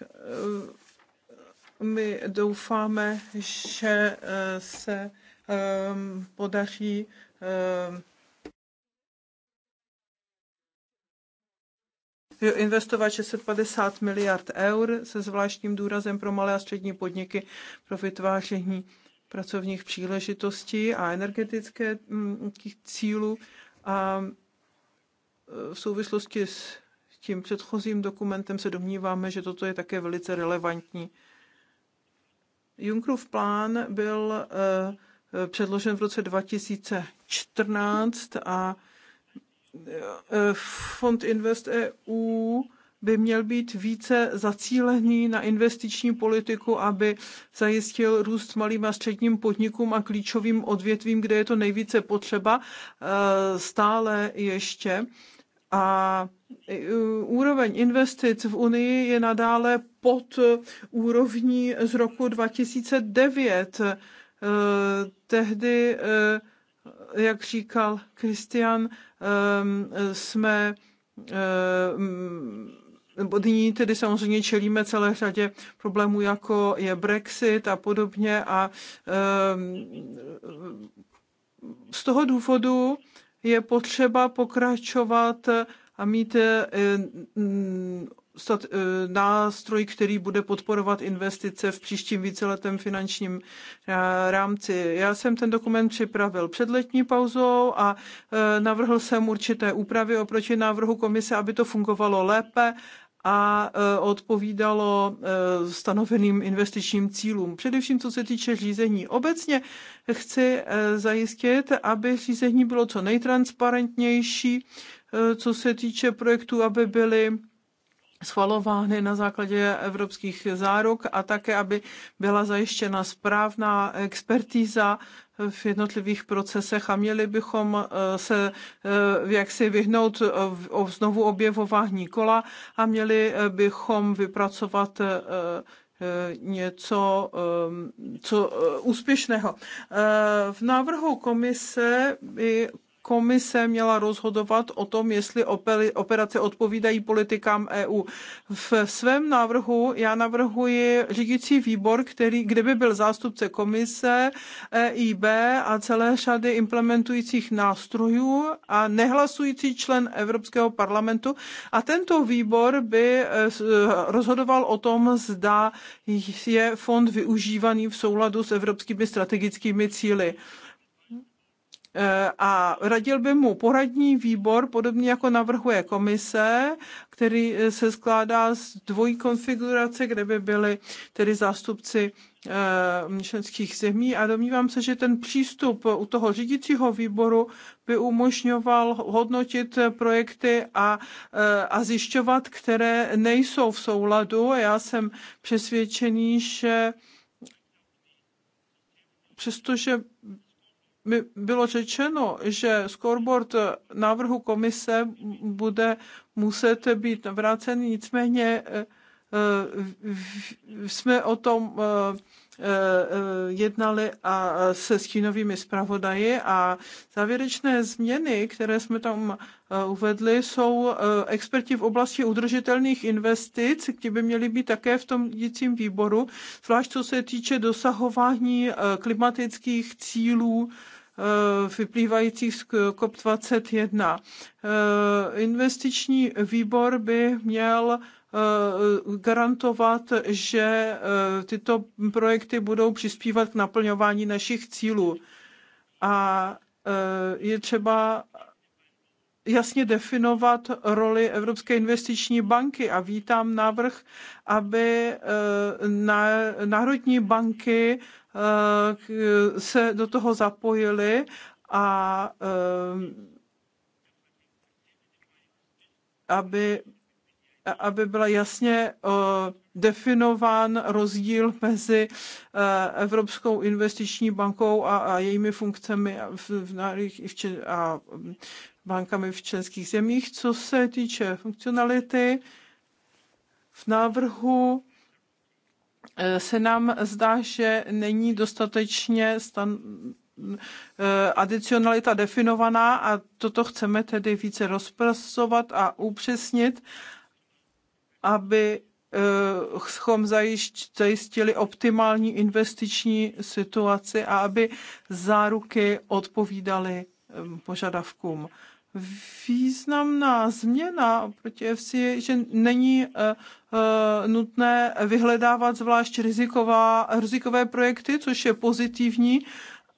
Speaker 2: ehm, my doufáme, že eh, se ehm, podaří investovat 650 miliard eur se zvláštním důrazem pro malé a střední podniky pro vytváření pracovních příležitostí a energetických mm, cílů. A e, v souvislosti s tím předchozím dokumentem se domníváme, že toto je také velice relevantní. Junckerův plán byl e, e, předložen v roce 2014 a Eh, fond Invest EU by měl být více zacílený na investiční politiku, aby zajistil růst malým a středním podnikům a klíčovým odvětvím, kde je to nejvíce potřeba, eh, stále ještě. A eh, úroveň investic v Unii je nadále pod úrovní z roku 2009. Tehdy jak říkal Kristian, ehm, jsme ehm, nebo nyní tedy samozřejmě čelíme celé řadě problémů, jako je Brexit a podobně a ehm, z toho důvodu je potřeba pokračovat a mít eh, stat, eh, nástroj, který bude podporovat investice v příštím víceletém finančním eh, rámci. Já jsem ten dokument připravil před letní pauzou a eh, navrhl jsem určité úpravy oproti návrhu komise, aby to fungovalo lépe a odpovídalo stanoveným investičním cílům. Především co se týče řízení. Obecně chci zajistit, aby řízení bylo co nejtransparentnější, co se týče projektů, aby byly schvalovány na základě evropských záruk a také, aby byla zajištěna správná expertíza v jednotlivých procesech a měli bychom eh, se eh, jaksi vyhnout eh, o znovu objevování kola a měli bychom vypracovat něco co úspěšného. V návrhu komise by komise měla rozhodovat o tom, jestli operace odpovídají politikám EU. V svém návrhu já navrhuji řídící výbor, který, kde by byl zástupce komise, EIB a celé řady implementujících nástrojů a nehlasující člen Evropského parlamentu. A tento výbor by eh, rozhodoval o tom, zda je fond využívaný v souladu s evropskými strategickými cíly a radil by mu poradní výbor, podobně jako navrhuje komise, který eh, se skládá z dvojí konfigurace, kde by byli tedy zástupci eh, členských zemí a domnívám se, že ten přístup u toho řídícího výboru by umožňoval hodnotit projekty a, eh, a zjišťovat, které nejsou v souladu. Já jsem přesvědčený, že přestože mi bylo řečeno, že scoreboard návrhu komise bude muset být vrácen, nicméně e, e, jsme o tom e, jednali a se stínovými zpravodaji a závěrečné změny, které jsme tam uvedli, jsou experti v oblasti udržitelných investic, kteří by měli být také v tom dícím výboru, zvlášť co se týče dosahování klimatických cílů Eh, vyplývajících z COP21. Eh, investiční výbor by měl eh, garantovat, že tyto projekty budou přispívat k naplňování našich cílů. A je třeba jasně definovat roli Evropské investiční banky a vítám návrh, aby národní banky Eh, se do toho zapojili a eh, aby, aby byla jasně eh, definován rozdíl mezi Evropskou investiční bankou a, a jejími funkcemi v, v, i v, a mm, bankami v členských zemích. Co se týče funkcionality, v návrhu Eh, se nám zdá, že není dostatečně stan, eh, adicionalita definovaná a toto chceme tedy více rozpracovat a upřesnit, aby eh, chom zajistili optimální investiční situaci a aby záruky odpovídaly požadavkům významná změna proti FC je, že není eh, eh, nutné vyhledávat zvlášť riziková, rizikové projekty, což je pozitivní,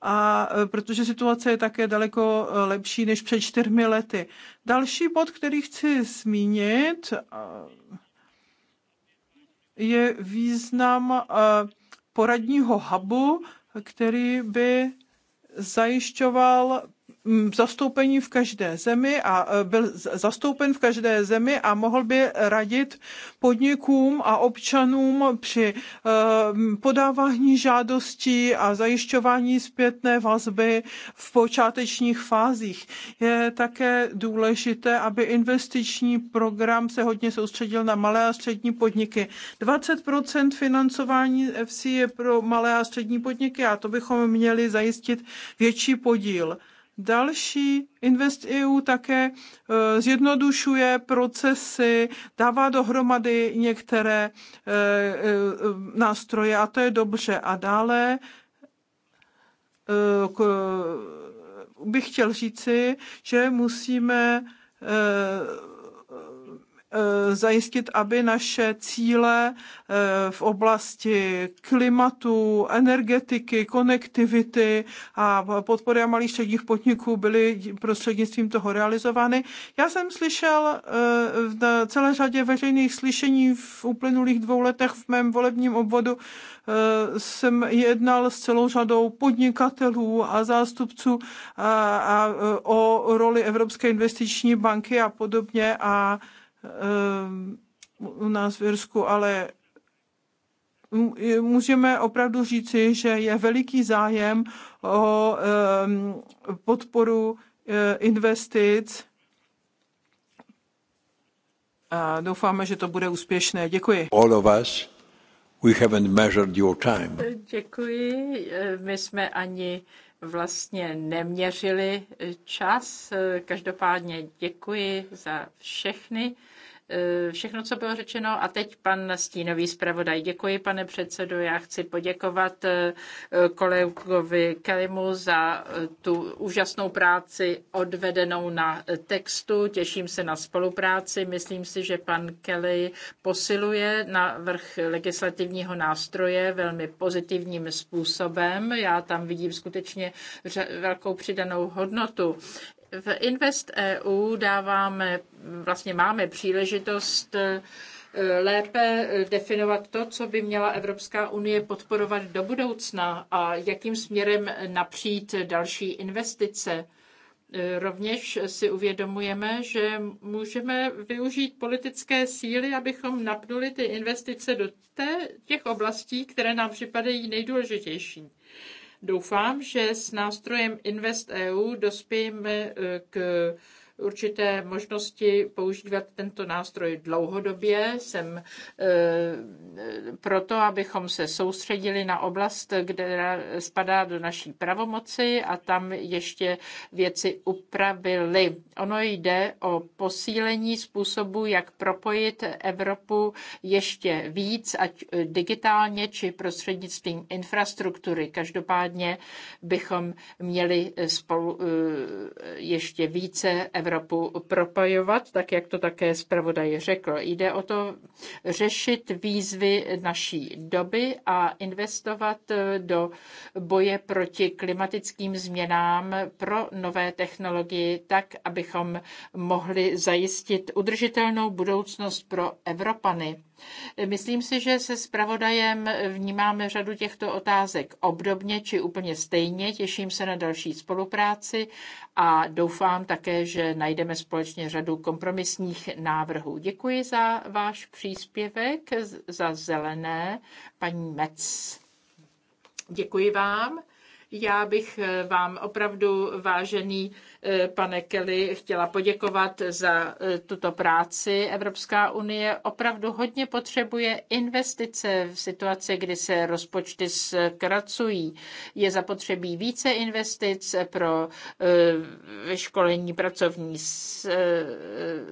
Speaker 2: a eh, protože situace je také daleko lepší než před čtyřmi lety. Další bod, který chci zmínit, je význam poradního hubu, který by zajišťoval zastoupení v každé zemi a e, byl zastoupen v každé zemi a mohl by radit podnikům a občanům při e, podávání žádostí a zajišťování zpětné vazby v počátečních fázích. Je také důležité, aby investiční program se hodně soustředil na malé a střední podniky. 20% financování FC je pro malé a střední podniky a to bychom měli zajistit větší podíl. Další InvestEU také eh, zjednodušuje procesy, dává dohromady některé eh, eh, nástroje a to je dobře. A dále bych chtěl říci, že musíme Eh, zajistit, aby naše cíle eh, v oblasti klimatu, energetiky, konektivity a podpory a malých středních podniků byly prostřednictvím toho realizovány. Já jsem slyšel eh, v celé řadě veřejných slyšení v uplynulých dvou letech v mém volebním obvodu jsem jednal s celou řadou podnikatelů a zástupců a, a, o roli Evropské investiční banky a podobně a Ehm, u nás v Irsku, ale můžeme opravdu říci, že je veliký zájem o ehm, podporu eh, investic a doufáme, že to bude úspěšné. Děkuji. All of us, we haven't measured your time.
Speaker 4: Děkuji. Eh, my jsme ani vlastně neměřili čas. Eh, každopádně děkuji za všechny E, všechno, co bylo řečeno. A teď pan Stínový zpravodaj. Děkuji, pane předsedo. Já chci poděkovat e, kolegovi Kelimu za e, tu úžasnou práci odvedenou na textu. Těším se na spolupráci. Myslím si, že pan Kelly posiluje na vrch legislativního nástroje velmi pozitivním způsobem. Já tam vidím skutečně velkou přidanou hodnotu. V Invest EU dáváme, vlastně máme příležitost eh, lépe definovat to, co by měla Evropská unie podporovat do budoucna a jakým směrem napřít další investice. Eh, rovněž si uvědomujeme, že můžeme využít politické síly, abychom napnuli ty investice do té, těch oblastí, které nám připadají nejdůležitější. Doufám, že s nástrojem InvestEU dospějeme eh, k určité možnosti používat tento nástroj dlouhodobě. Jsem eh, proto, abychom se soustředili na oblast, která spadá do naší pravomoci a tam ještě věci upravili. Ono jde o posílení způsobu, jak propojit Evropu ještě víc, ať digitálně či prostřednictvím infrastruktury. Každopádně bychom měli spolu eh, ještě více Evropu Evropu propajovat, tak jak to také zpravodaj řekl. Jde o to řešit výzvy naší doby a investovat eh, do boje proti klimatickým změnám pro nové technologie, tak abychom mohli zajistit udržitelnou budoucnost pro Evropany. Myslím si, že se zpravodajem vnímáme řadu těchto otázek obdobně či úplně stejně. Těším se na další spolupráci a doufám také, že najdeme společně řadu kompromisních návrhů. Děkuji za váš příspěvek, za zelené, paní Mec. Děkuji vám. Já bych eh, vám opravdu, vážený eh, pane Kelly, chtěla poděkovat za eh, tuto práci. Evropská unie opravdu hodně potřebuje investice v situaci, kdy se rozpočty zkracují. Je zapotřebí více investic pro vyškolení pracovní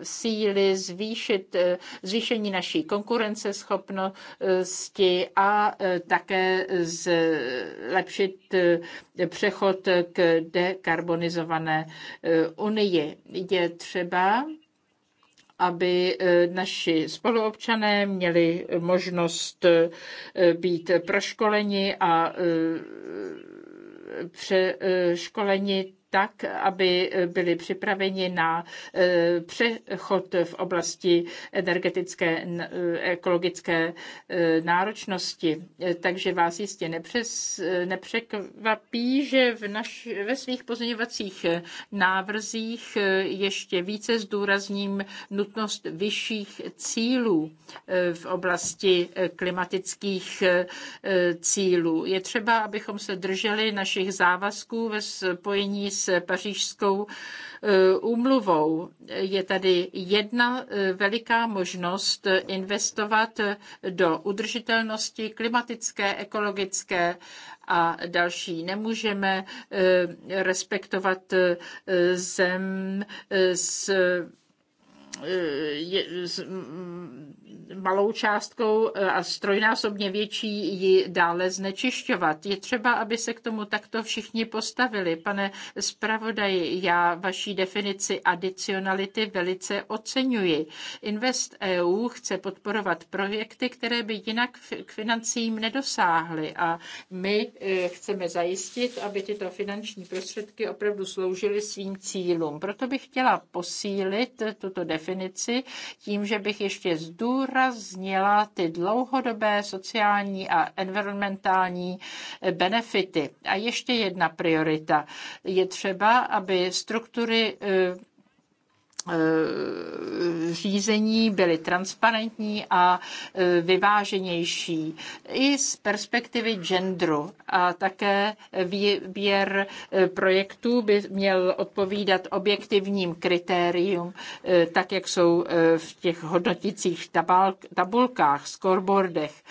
Speaker 4: síly, zvýšit, zvýšení naší konkurenceschopnosti a také zlepšit přechod k dekarbonizované eh, unii. Je třeba aby eh, naši spoluobčané měli možnost eh, být proškoleni a přeškoleni tak, aby eh, byli připraveni na eh, přechod v oblasti energetické, eh, ekologické náročnosti. Takže vás jistě nepřes, nepřekvapí, že v naš, ve svých pozměňovacích návrzích ještě více zdůrazním nutnost vyšších cílů v oblasti klimatických cílů. Je třeba, abychom se drželi našich závazků ve spojení s s pařížskou eh, úmluvou. Je tady jedna eh, veliká možnost eh, investovat do udržitelnosti klimatické, ekologické a další. Nemůžeme respektovat zem s je, s malou částkou e, a strojnásobně větší ji dále znečišťovat. Je třeba, aby se k tomu takto všichni postavili. Pane zpravodaji, já vaší definici adicionality velice oceňuji. Invest EU chce podporovat projekty, které by jinak k financím nedosáhly a my e, chceme zajistit, aby tyto finanční prostředky opravdu sloužily svým cílům. Proto bych chtěla posílit tuto definici definici tím, že bych ještě zdůraznila ty dlouhodobé sociální a environmentální benefity. A ještě jedna priorita. Je třeba, aby struktury eh, Eh, řízení byly transparentní a eh, vyváženější i z perspektivy genderu. A také výběr eh, projektů by měl odpovídat objektivním kritérium, tak jak jsou v těch hodnotících tabulkách, scoreboardech.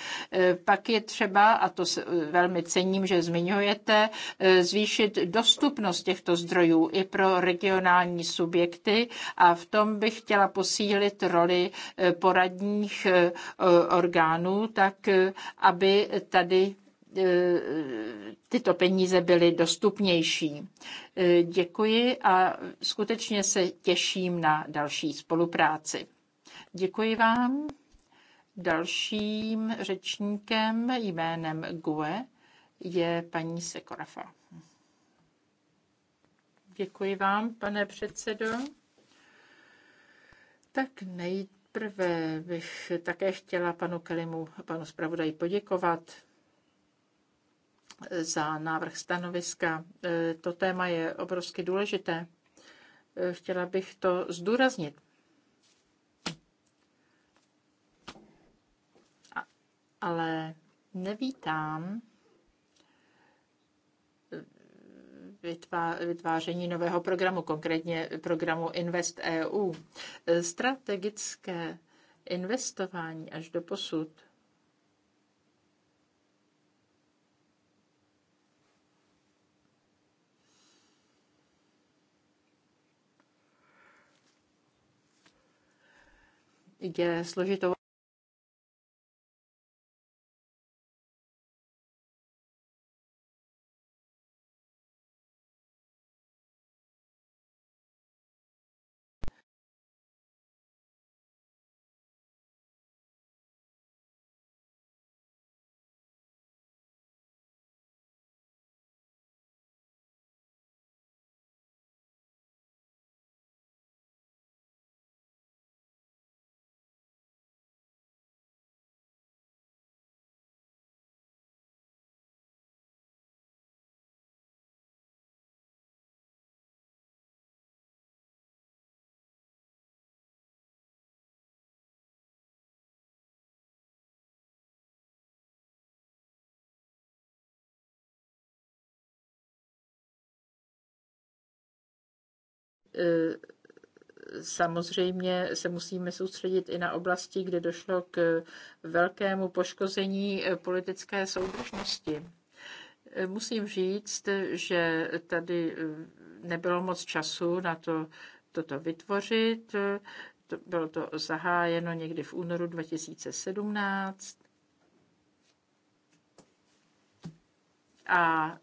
Speaker 4: Pak je třeba, a to velmi cením, že zmiňujete, zvýšit dostupnost těchto zdrojů i pro regionální subjekty a v tom bych chtěla posílit roli eh, poradních eh, orgánů, tak eh, aby tady tyto peníze byly dostupnější. Děkuji a skutečně se těším na další spolupráci. Děkuji vám. Dalším řečníkem jménem GUE je paní Sekorafa. Děkuji vám, pane předsedo. Tak nejprve bych také chtěla panu Kelimu, panu zpravodaji poděkovat za návrh stanoviska. E, to téma je obrovsky důležité. E, chtěla bych to zdůraznit. Ale nevítám vytváření nového programu, konkrétně programu Invest EU. Strategické investování až do posud je složitou samozřejmě se musíme soustředit i na oblasti, kde došlo k velkému poškození eh, politické soudržnosti. Eh, musím říct, že tady eh, nebylo moc času na to, toto vytvořit. bylo to zahájeno někdy v únoru 2017. A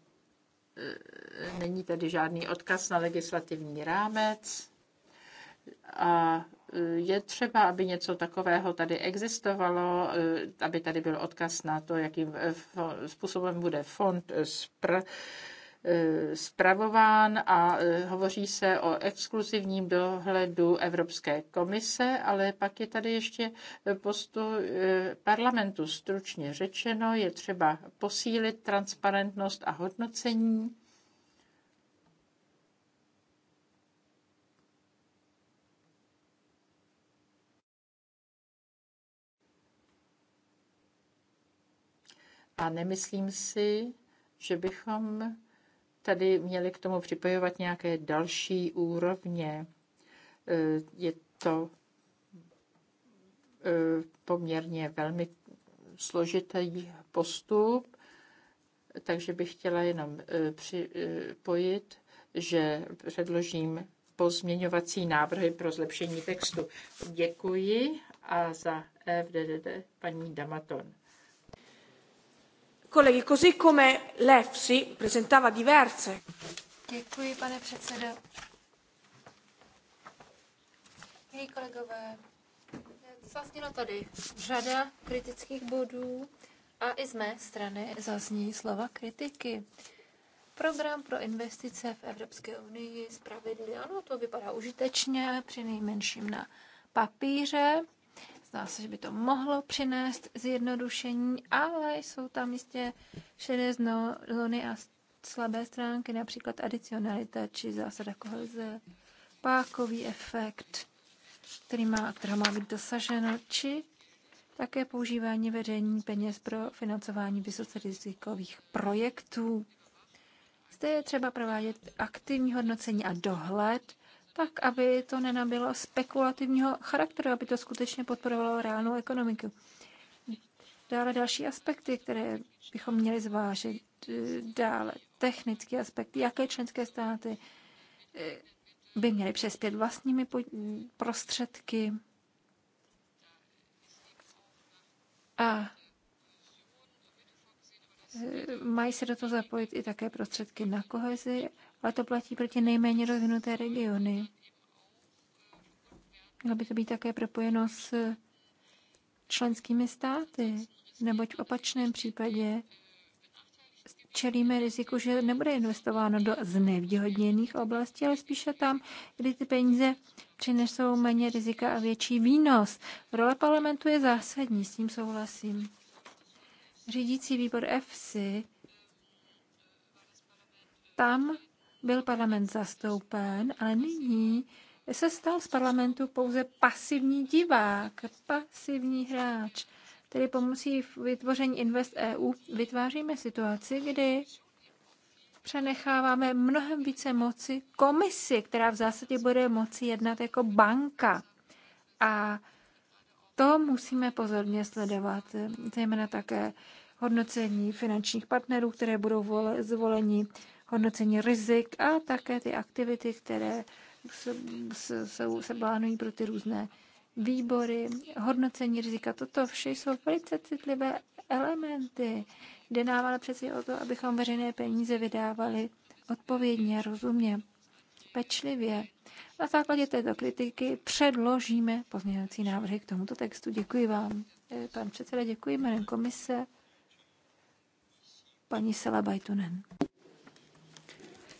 Speaker 4: není tady žádný odkaz na legislativní rámec. A e, je třeba, aby něco takového tady existovalo, e, aby tady byl odkaz na to, jakým e, způsobem bude fond spr Eh, spravován a eh, hovoří se o exkluzivním dohledu Evropské komise, ale pak je tady ještě eh, postu parlamentu. Stručně řečeno, je třeba posílit transparentnost a hodnocení. A nemyslím si, že bychom tady měli k tomu připojovat nějaké další úrovně. E, je to e, poměrně velmi složitý postup, takže bych chtěla jenom e, připojit, že předložím pozměňovací návrhy pro zlepšení textu. Děkuji a za FDDD paní Damaton. Colleghi, così come l'EFSI presentava diverse.
Speaker 1: Děkuji, pane předsedo. Milí kolegové, zaznělo tady řada kritických bodů a i z mé strany zazní slova kritiky. Program pro investice v Evropské unii spravedlivě, ano, to vypadá užitečně, při nejmenším na papíře. Zdá se, že by to mohlo přinést zjednodušení, ale jsou tam jistě šedé zóny a slabé stránky, například adicionalita či zásada koheze, pákový efekt, který má, která má být dosaženo, či také používání vedení peněz pro financování vysoce rizikových projektů. Zde je třeba provádět aktivní hodnocení a dohled tak aby to nenabilo spekulativního charakteru, aby to skutečně podporovalo reálnou ekonomiku. Dále další aspekty, které bychom měli zvážit. Eh, dále technický aspekt, jaké členské státy eh, by měly přespět vlastními prostředky a eh, mají se do toho zapojit i také prostředky na kohezi ale to platí pro ty nejméně rozvinuté regiony. Mělo by to být také propojeno s členskými státy, neboť v opačném případě čelíme riziku, že nebude investováno do znevýhodněných oblastí, ale spíše tam, kdy ty peníze přinesou méně rizika a větší výnos. Role parlamentu je zásadní, s tím souhlasím. Řídící výbor EFSI, tam byl parlament zastoupen, ale nyní se stal z parlamentu pouze pasivní divák, pasivní hráč. Tedy pomocí vytvoření Invest EU vytváříme situaci, kdy přenecháváme mnohem více moci komisi, která v zásadě bude moci jednat jako banka. A to musíme pozorně sledovat, zejména také hodnocení finančních partnerů, které budou zvoleni hodnocení rizik a také ty aktivity, které se, se, se, se plánují pro ty různé výbory, hodnocení rizika. Toto vše jsou velice citlivé elementy. Jde nám ale přeci o to, abychom veřejné peníze vydávali odpovědně, rozumně, pečlivě. Na základě této kritiky předložíme pozměňovací návrhy k tomuto textu. Děkuji vám. Eh, pan předseda, děkuji jménem komise. Paní Sela Bajtunen.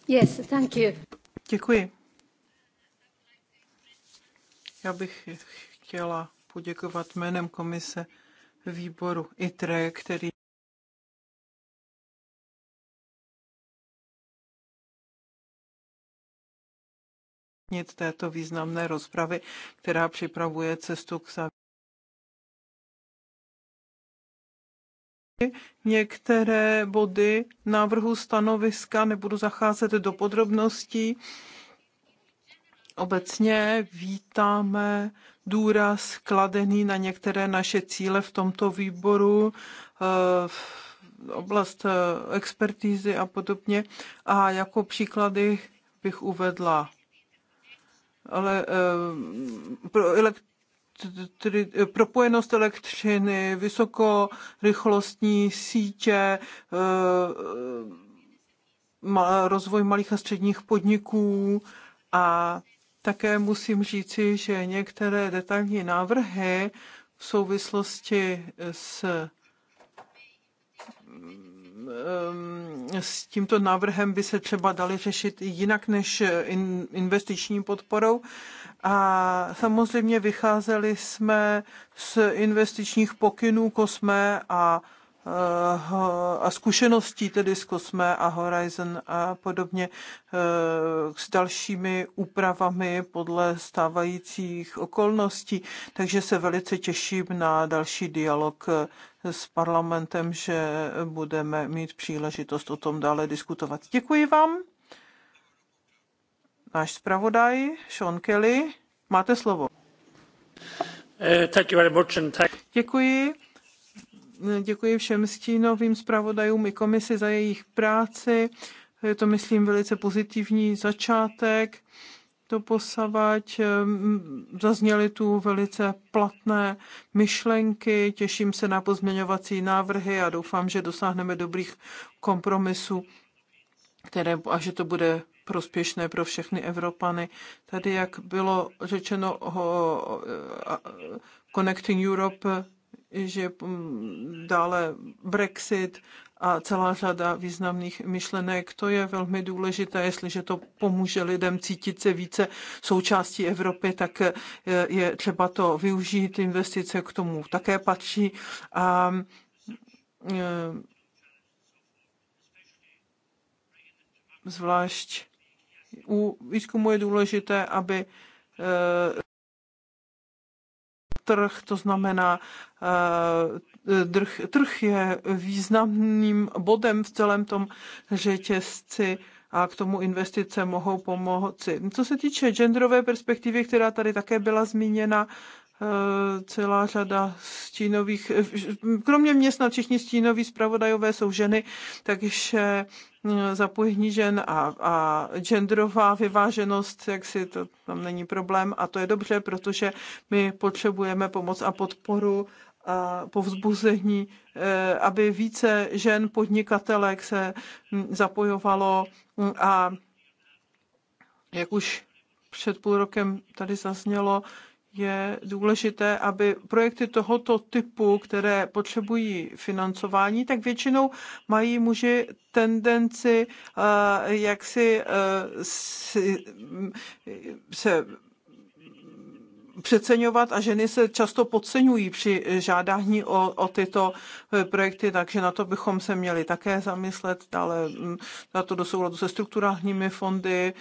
Speaker 2: Yes, thank you. Děkuji. Já bych chtěla poděkovat jménem komise výboru ITRE, který této významné rozpravy, která připravuje cestu k závěru. některé body návrhu stanoviska, nebudu zacházet do podrobností. Obecně vítáme důraz kladený na některé naše cíle v tomto výboru, eh, oblast eh, expertízy a podobně. A jako příklady bych uvedla ale eh, pro Eh, propojenost elektřiny, vysokorychlostní sítě, eh, rozvoj malých a středních podniků a také musím říci, že některé detailní návrhy v souvislosti s eh, s tímto návrhem by se třeba daly řešit jinak než investiční podporou. A samozřejmě vycházeli jsme z investičních pokynů Kosme a, eh, a zkušeností tedy z Kosme a Horizon a podobně eh, s dalšími úpravami podle stávajících okolností. Takže se velice těším na další dialog eh, s parlamentem, že budeme mít příležitost o tom dále diskutovat. Děkuji vám náš zpravodaj Sean Kelly. Máte slovo. Eh, Děkuji. Děkuji všem stínovým zpravodajům i komisi za jejich práci. Je to, myslím, velice pozitivní začátek. To posavať ehm, zazněly tu velice platné myšlenky. Těším se na pozměňovací návrhy a doufám, že dosáhneme dobrých kompromisů, které, a že to bude prospěšné pro všechny Evropany. Tady, jak bylo řečeno o Connecting Europe, že mm, dále Brexit a celá řada významných myšlenek. To je velmi důležité, jestliže to pomůže lidem cítit se více součástí Evropy, tak e, je třeba to využít, investice k tomu také patří. A e, zvlášť u výzkumu je důležité, aby eh, trh, to znamená, trh, eh, trh je významným bodem v celém tom řetězci a k tomu investice mohou pomoci. Co se týče genderové perspektivy, která tady také byla zmíněna, Eh, celá řada stínových, eh, kromě mě snad všichni stínoví zpravodajové jsou ženy, takže eh, zapojení žen a, a genderová vyváženost, jak si to tam není problém a to je dobře, protože my potřebujeme pomoc a podporu a povzbuzení, aby více žen podnikatelek se hm, zapojovalo a jak už před půl rokem tady zaznělo, je důležité, aby projekty tohoto typu, které potřebují financování, tak většinou mají muži tendenci eh, jak eh, si se přeceňovat a ženy se často podceňují při žádání o, o tyto eh, projekty, takže na to bychom se měli také zamyslet, ale mm, na to do souladu se strukturálními fondy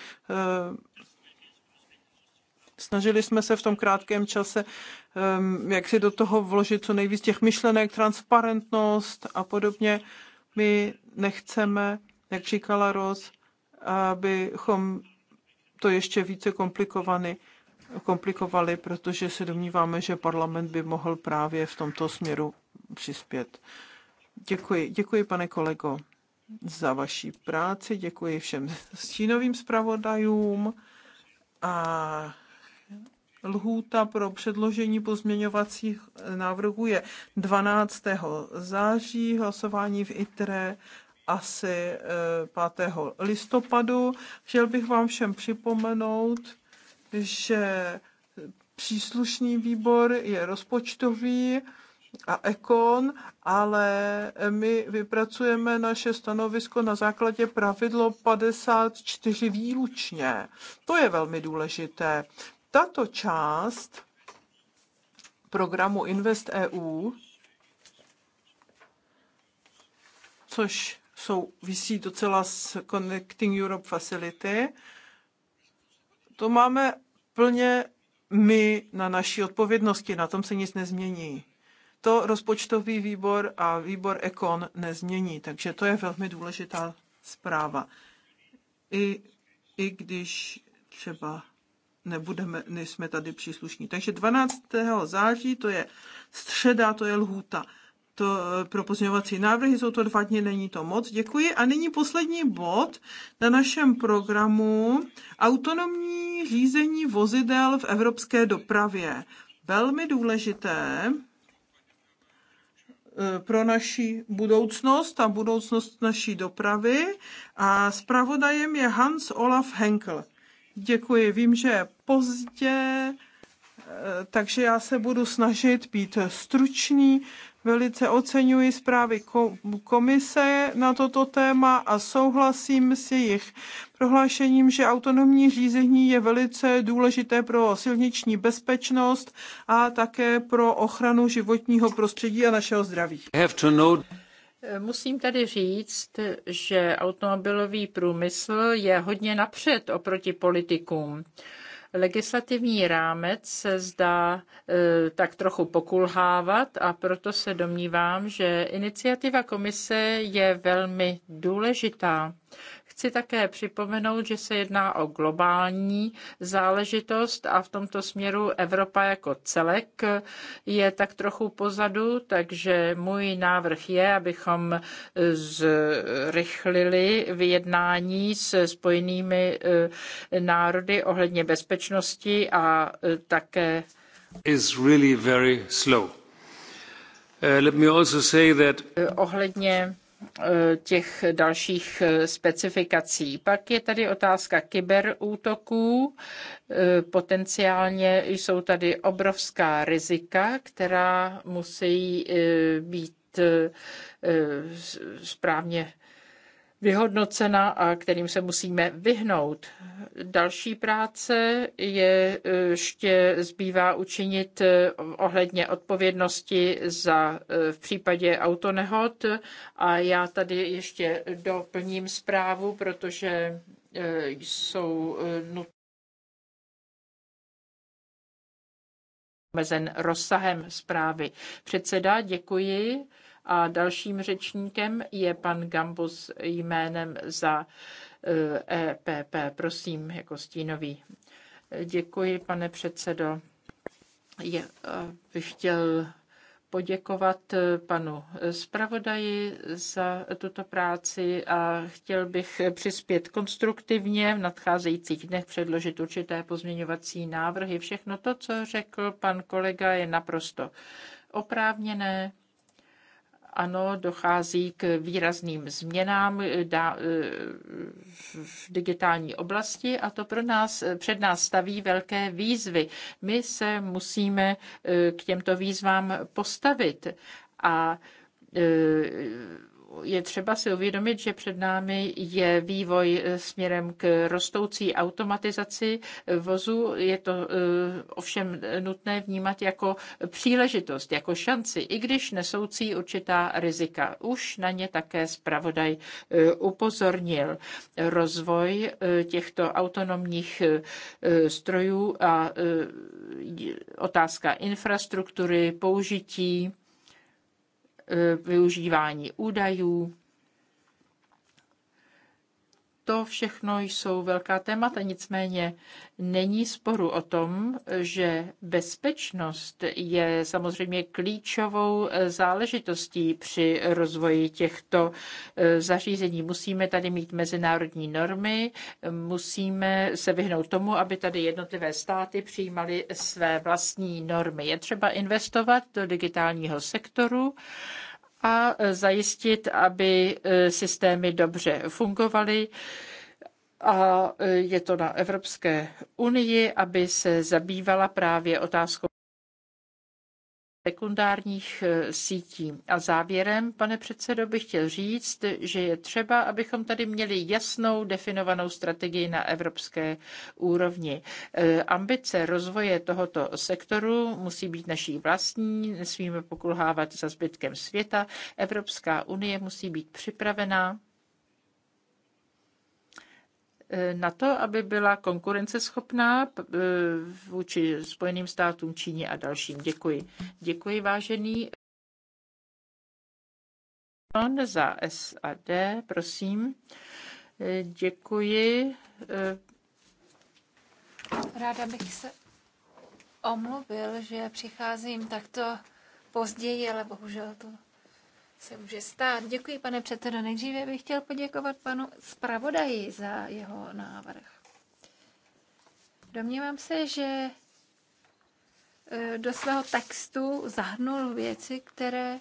Speaker 2: Snažili jsme se v tom krátkém čase ehm, jak si do toho vložit co nejvíc těch myšlenek, transparentnost a podobně. My nechceme, jak říkala Roz, abychom to ještě více komplikovaný komplikovali, protože se domníváme, že parlament by mohl právě v tomto směru přispět. Děkuji, děkuji pane kolego za vaší práci, děkuji všem stínovým zpravodajům a Lhůta pro předložení pozměňovacích eh, návrhů je 12. září, hlasování v ITRE asi 5. Eh, listopadu. Chtěl bych vám všem připomenout, že příslušný výbor je rozpočtový a ekon, ale my vypracujeme naše stanovisko na základě pravidlo 54 výlučně. To je velmi důležité. Tato část programu Invest EU, což jsou vysí docela s Connecting Europe Facility, to máme plně my na naší odpovědnosti, na tom se nic nezmění. To rozpočtový výbor a výbor Ekon nezmění, takže to je velmi důležitá zpráva. I, i když třeba nebudeme, nejsme tady příslušní. Takže 12. září, to je středa, to je lhůta to eh, pro pozměňovací návrhy, jsou to dva dny, není to moc. Děkuji. A nyní poslední bod na našem programu. Autonomní řízení vozidel v evropské dopravě. Velmi důležité eh, pro naši budoucnost a budoucnost naší dopravy. A zpravodajem je Hans Olaf Henkel. Děkuji, vím, že je pozdě, eh, takže já se budu snažit být stručný. Velice oceňuji zprávy komise na toto téma a souhlasím s jejich prohlášením, že autonomní řízení je velice důležité pro silniční bezpečnost a také pro ochranu životního prostředí a našeho zdraví.
Speaker 4: Musím tady říct, že automobilový průmysl je hodně napřed oproti politikům. Legislativní rámec se zdá e, tak trochu pokulhávat a proto se domnívám, že iniciativa komise je velmi důležitá. Chci také připomenout, že se jedná o globální záležitost a v tomto směru Evropa jako celek je tak trochu pozadu, takže můj návrh je, abychom zrychlili vyjednání s spojenými eh, národy ohledně bezpečnosti a eh, také
Speaker 3: is really very slow. Uh, let me also say that
Speaker 4: ohledně Eh, těch dalších eh, specifikací. Pak je tady otázka kyberútoků. Eh, potenciálně jsou tady obrovská rizika, která musí být správně vyhodnocena a kterým se musíme vyhnout. Další práce je, eh, ještě zbývá učinit eh, ohledně odpovědnosti za eh, v případě autonehod a já tady ještě doplním zprávu, protože jsou nutné omezen rozsahem zprávy. Předseda, děkuji. A dalším řečníkem je pan Gambus jménem za EPP, e prosím, jako stínový. Děkuji, pane předsedo. Je, e, bych chtěl poděkovat e, panu zpravodaji za tuto práci a chtěl bych přispět konstruktivně v nadcházejících dnech předložit určité pozměňovací návrhy. Všechno to, co řekl pan kolega, je naprosto oprávněné ano, dochází k výrazným změnám eh, eh, v digitální oblasti a to pro nás, eh, před nás staví velké výzvy. My se musíme k těmto výzvám postavit a je třeba si uvědomit, že před námi je vývoj směrem k rostoucí automatizaci vozu. Je to eh, ovšem nutné vnímat jako příležitost, jako šanci, i když nesoucí určitá rizika. Už na ně také zpravodaj eh, upozornil. Rozvoj eh, těchto autonomních strojů a otázka infrastruktury, použití, využívání údajů to všechno jsou velká témata, nicméně není sporu o tom, že bezpečnost je samozřejmě klíčovou záležitostí při rozvoji těchto eh, zařízení. Musíme tady mít mezinárodní normy, musíme se vyhnout tomu, aby tady jednotlivé státy přijímaly své vlastní normy. Je třeba investovat do digitálního sektoru a zajistit, aby e, systémy dobře fungovaly. A e, je to na Evropské unii, aby se zabývala právě otázkou sekundárních eh, sítí. A závěrem, pane předsedo, bych chtěl říct, že je třeba, abychom tady měli jasnou definovanou strategii na evropské úrovni. Eh, ambice rozvoje tohoto sektoru musí být naší vlastní, nesmíme pokulhávat za zbytkem světa. Evropská unie musí být připravená Eh, na to, aby byla konkurenceschopná eh, vůči Spojeným státům, Číně a dalším. Děkuji. Děkuji, vážený. Za SAD, prosím. Eh, děkuji. Ráda bych se
Speaker 1: omluvil, že přicházím takto později, ale bohužel to se může stát. Děkuji, pane předsedo. Nejdříve bych chtěl poděkovat panu zpravodaji za jeho návrh. Domnívám se, že eh, do svého textu zahrnul věci, které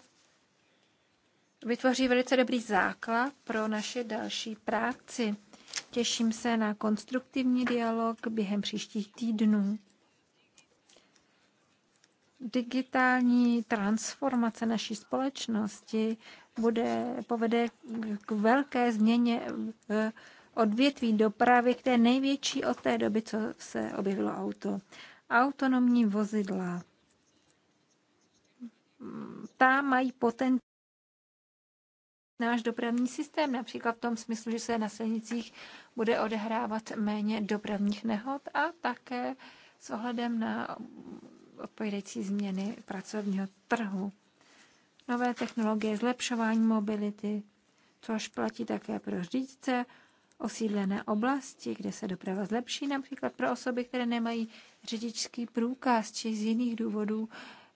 Speaker 1: vytvoří velice dobrý základ pro naše další práci. Těším se na konstruktivní dialog během příštích týdnů digitální transformace naší společnosti bude, povede k velké změně odvětví dopravy, které je největší od té doby, co se objevilo auto. Autonomní vozidla. Ta mají potenciál náš dopravní systém, například v tom smyslu, že se na silnicích bude odehrávat méně dopravních nehod a také s ohledem na odpovědající změny pracovního trhu. Nové technologie, zlepšování mobility, což platí také pro řidičce, osídlené oblasti, kde se doprava zlepší, například pro osoby, které nemají řidičský průkaz či z jiných důvodů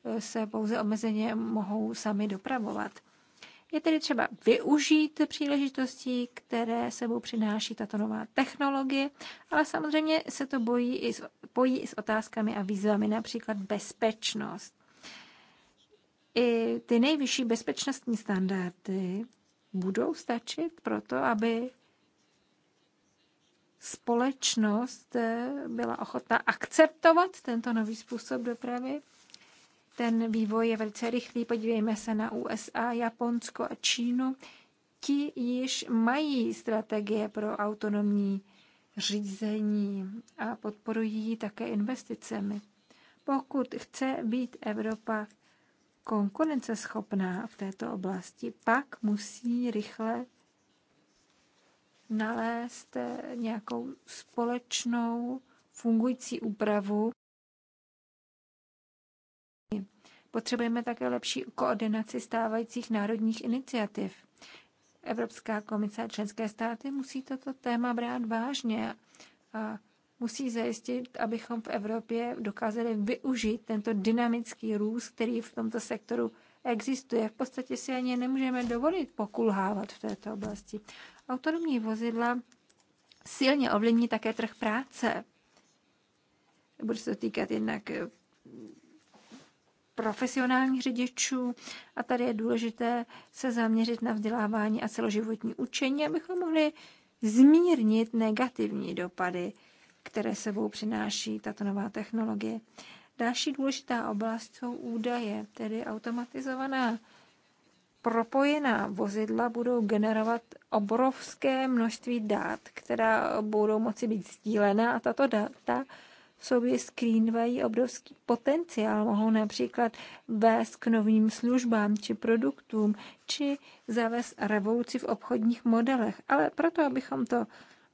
Speaker 1: e, se pouze omezeně mohou sami dopravovat. Je tedy třeba využít příležitostí, které sebou přináší tato nová technologie, ale samozřejmě se to bojí i s, bojí i s otázkami a výzvami, například bezpečnost. I ty nejvyšší bezpečnostní standardy budou stačit pro to, aby společnost eh, byla ochotná akceptovat tento nový způsob dopravy? Ten vývoj je velice rychlý. Podívejme se na USA, Japonsko a Čínu. Ti již mají strategie pro autonomní řízení a podporují ji také investicemi. Pokud chce být Evropa konkurenceschopná v této oblasti, pak musí rychle nalézt nějakou společnou fungující úpravu Potřebujeme také lepší koordinaci stávajících národních iniciativ. Evropská komise a členské státy musí toto téma brát vážně a musí zajistit, abychom v Evropě dokázali využít tento dynamický růst, který v tomto sektoru existuje. V podstatě si ani nemůžeme dovolit pokulhávat v této oblasti. Autonomní vozidla silně ovlivní také trh práce. Bude se to týkat jednak profesionálních řidičů a tady je důležité se zaměřit na vzdělávání a celoživotní učení, abychom mohli zmírnit negativní dopady, které sebou přináší tato nová technologie. Další důležitá oblast jsou údaje, tedy automatizovaná propojená vozidla budou generovat obrovské množství dat, která budou moci být sdílená a tato data v sobě skrývají obrovský potenciál. Mohou například vést k novým službám či produktům, či zavést revoluci v obchodních modelech. Ale proto, abychom to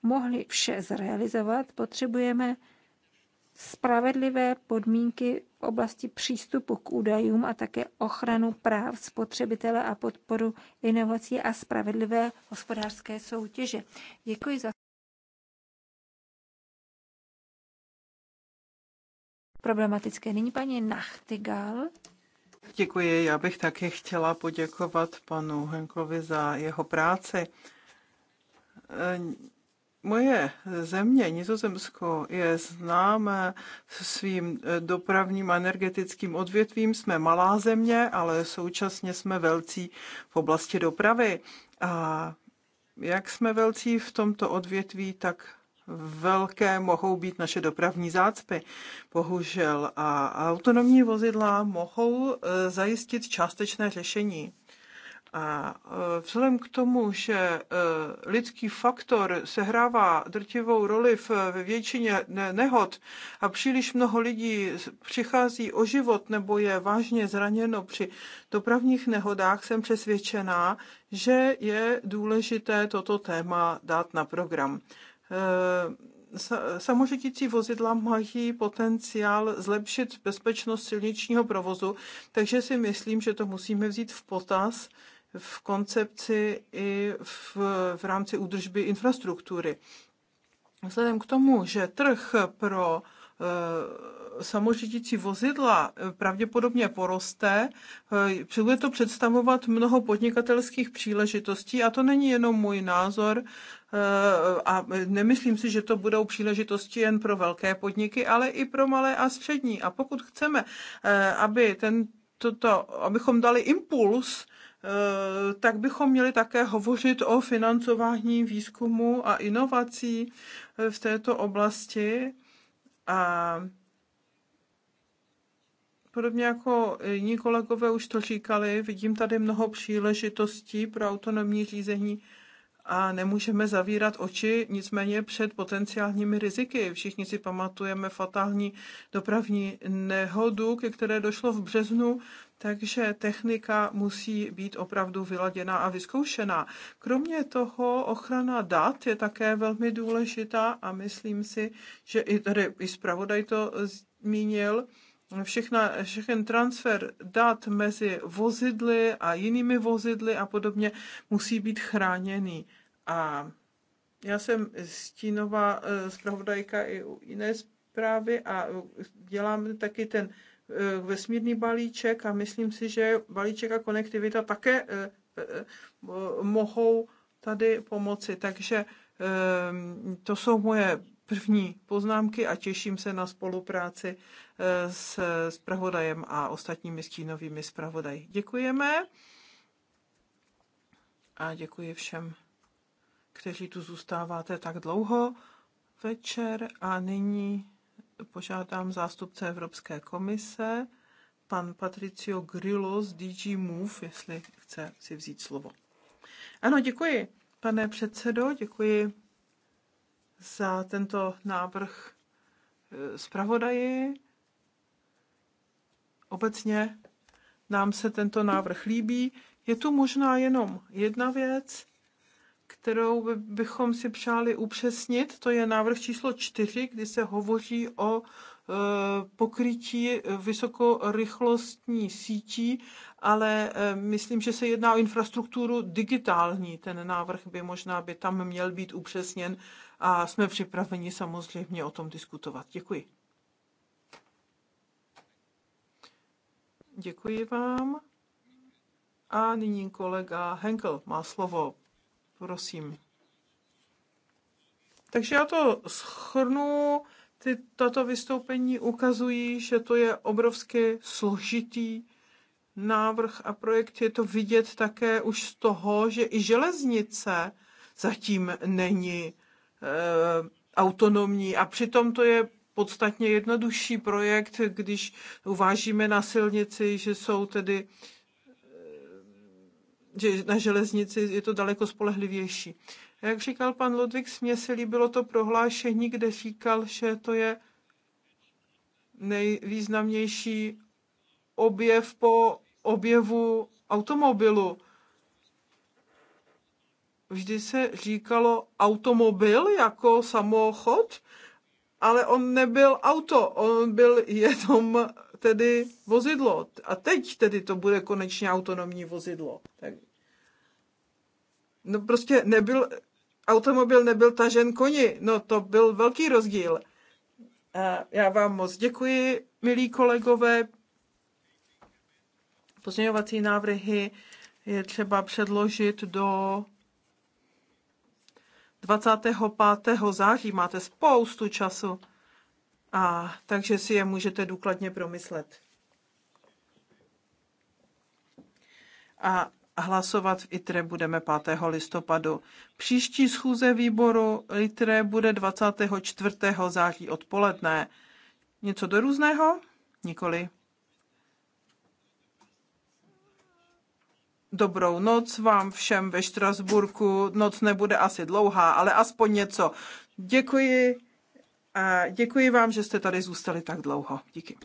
Speaker 1: mohli vše zrealizovat, potřebujeme spravedlivé podmínky v oblasti přístupu k údajům a také ochranu práv spotřebitele a podporu inovací a spravedlivé hospodářské soutěže. Děkuji za problematické. Nyní paní Nachtigal.
Speaker 2: Děkuji, já bych také chtěla poděkovat panu Henkovi za jeho práci. E, moje země, Nizozemsko, je známé svým dopravním energetickým odvětvím. Jsme malá země, ale současně jsme velcí v oblasti dopravy. A jak jsme velcí v tomto odvětví, tak velké mohou být naše dopravní zácpy, bohužel. A autonomní vozidla mohou e, zajistit částečné řešení. A e, vzhledem k tomu, že e, lidský faktor sehrává drtivou roli ve většině nehod a příliš mnoho lidí přichází o život nebo je vážně zraněno při dopravních nehodách, jsem přesvědčená, že je důležité toto téma dát na program. Eh, samořídící vozidla mají potenciál zlepšit bezpečnost silničního provozu, takže si myslím, že to musíme vzít v potaz v koncepci i v, v rámci údržby infrastruktury. Vzhledem k tomu, že trh pro eh, samořídící vozidla eh, pravděpodobně poroste, eh, bude to představovat mnoho podnikatelských příležitostí a to není jenom můj názor eh, a nemyslím si, že to budou příležitosti jen pro velké podniky, ale i pro malé a střední. A pokud chceme, aby ten, toto, abychom dali impuls, tak bychom měli také hovořit o financování výzkumu a inovací v této oblasti. A Podobně jako jiní kolegové už to říkali, vidím tady mnoho příležitostí pro autonomní řízení a nemůžeme zavírat oči nicméně před potenciálními riziky. Všichni si pamatujeme fatální dopravní nehodu, ke které došlo v březnu, takže technika musí být opravdu vyladěná a vyzkoušená. Kromě toho ochrana dat je také velmi důležitá a myslím si, že i tady i zpravodaj to zmínil, všechna, všechen transfer dat mezi vozidly a jinými vozidly a podobně musí být chráněný. A já jsem stínová eh, zpravodajka i u jiné zprávy a děláme taky ten eh, vesmírný balíček a myslím si, že balíček a konektivita také eh, mohou tady pomoci. Takže ehm, to jsou moje první poznámky a těším se na spolupráci eh, s zpravodajem a ostatními stínovými zpravodaji. Děkujeme a děkuji všem, kteří tu zůstáváte tak dlouho večer a nyní požádám zástupce Evropské komise, pan Patricio Grillo z DG Move, jestli chce si vzít slovo. Ano, děkuji, pane předsedo, děkuji za tento návrh eh, zpravodaji. Obecně nám se tento návrh líbí. Je tu možná jenom jedna věc, kterou bychom si přáli upřesnit. To je návrh číslo čtyři, kdy se hovoří o eh, pokrytí vysokorychlostní sítí, ale eh, myslím, že se jedná o infrastrukturu digitální. Ten návrh by možná by tam měl být upřesněn, a jsme připraveni samozřejmě o tom diskutovat. Děkuji. Děkuji vám. A nyní kolega Henkel má slovo. Prosím. Takže já to schrnu. Ty, tato vystoupení ukazují, že to je obrovsky složitý návrh a projekt. Je to vidět také už z toho, že i železnice zatím není Eh, autonomní. A přitom to je podstatně jednodušší projekt, když uvážíme na silnici, že jsou tedy eh, že na železnici je to daleko spolehlivější. Jak říkal pan Ludvík, mně se líbilo to prohlášení, kde říkal, že to je nejvýznamnější objev po objevu automobilu vždy se říkalo automobil jako samochod, ale on nebyl auto, on byl jenom tedy vozidlo. A teď tedy to bude konečně autonomní vozidlo. Tak. No prostě nebyl, automobil nebyl tažen koni, no to byl velký rozdíl. A já vám moc děkuji, milí kolegové. Pozměňovací návrhy je třeba předložit do 25. září máte spoustu času, a takže si je můžete důkladně promyslet. A hlasovat v ITRE budeme 5. listopadu. Příští schůze výboru ITRE bude 24. září odpoledne. Něco do různého? Nikoli. dobrou noc vám všem ve Štrasburku. Noc nebude asi dlouhá, ale aspoň něco. Děkuji a děkuji vám, že jste tady zůstali tak dlouho. Díky.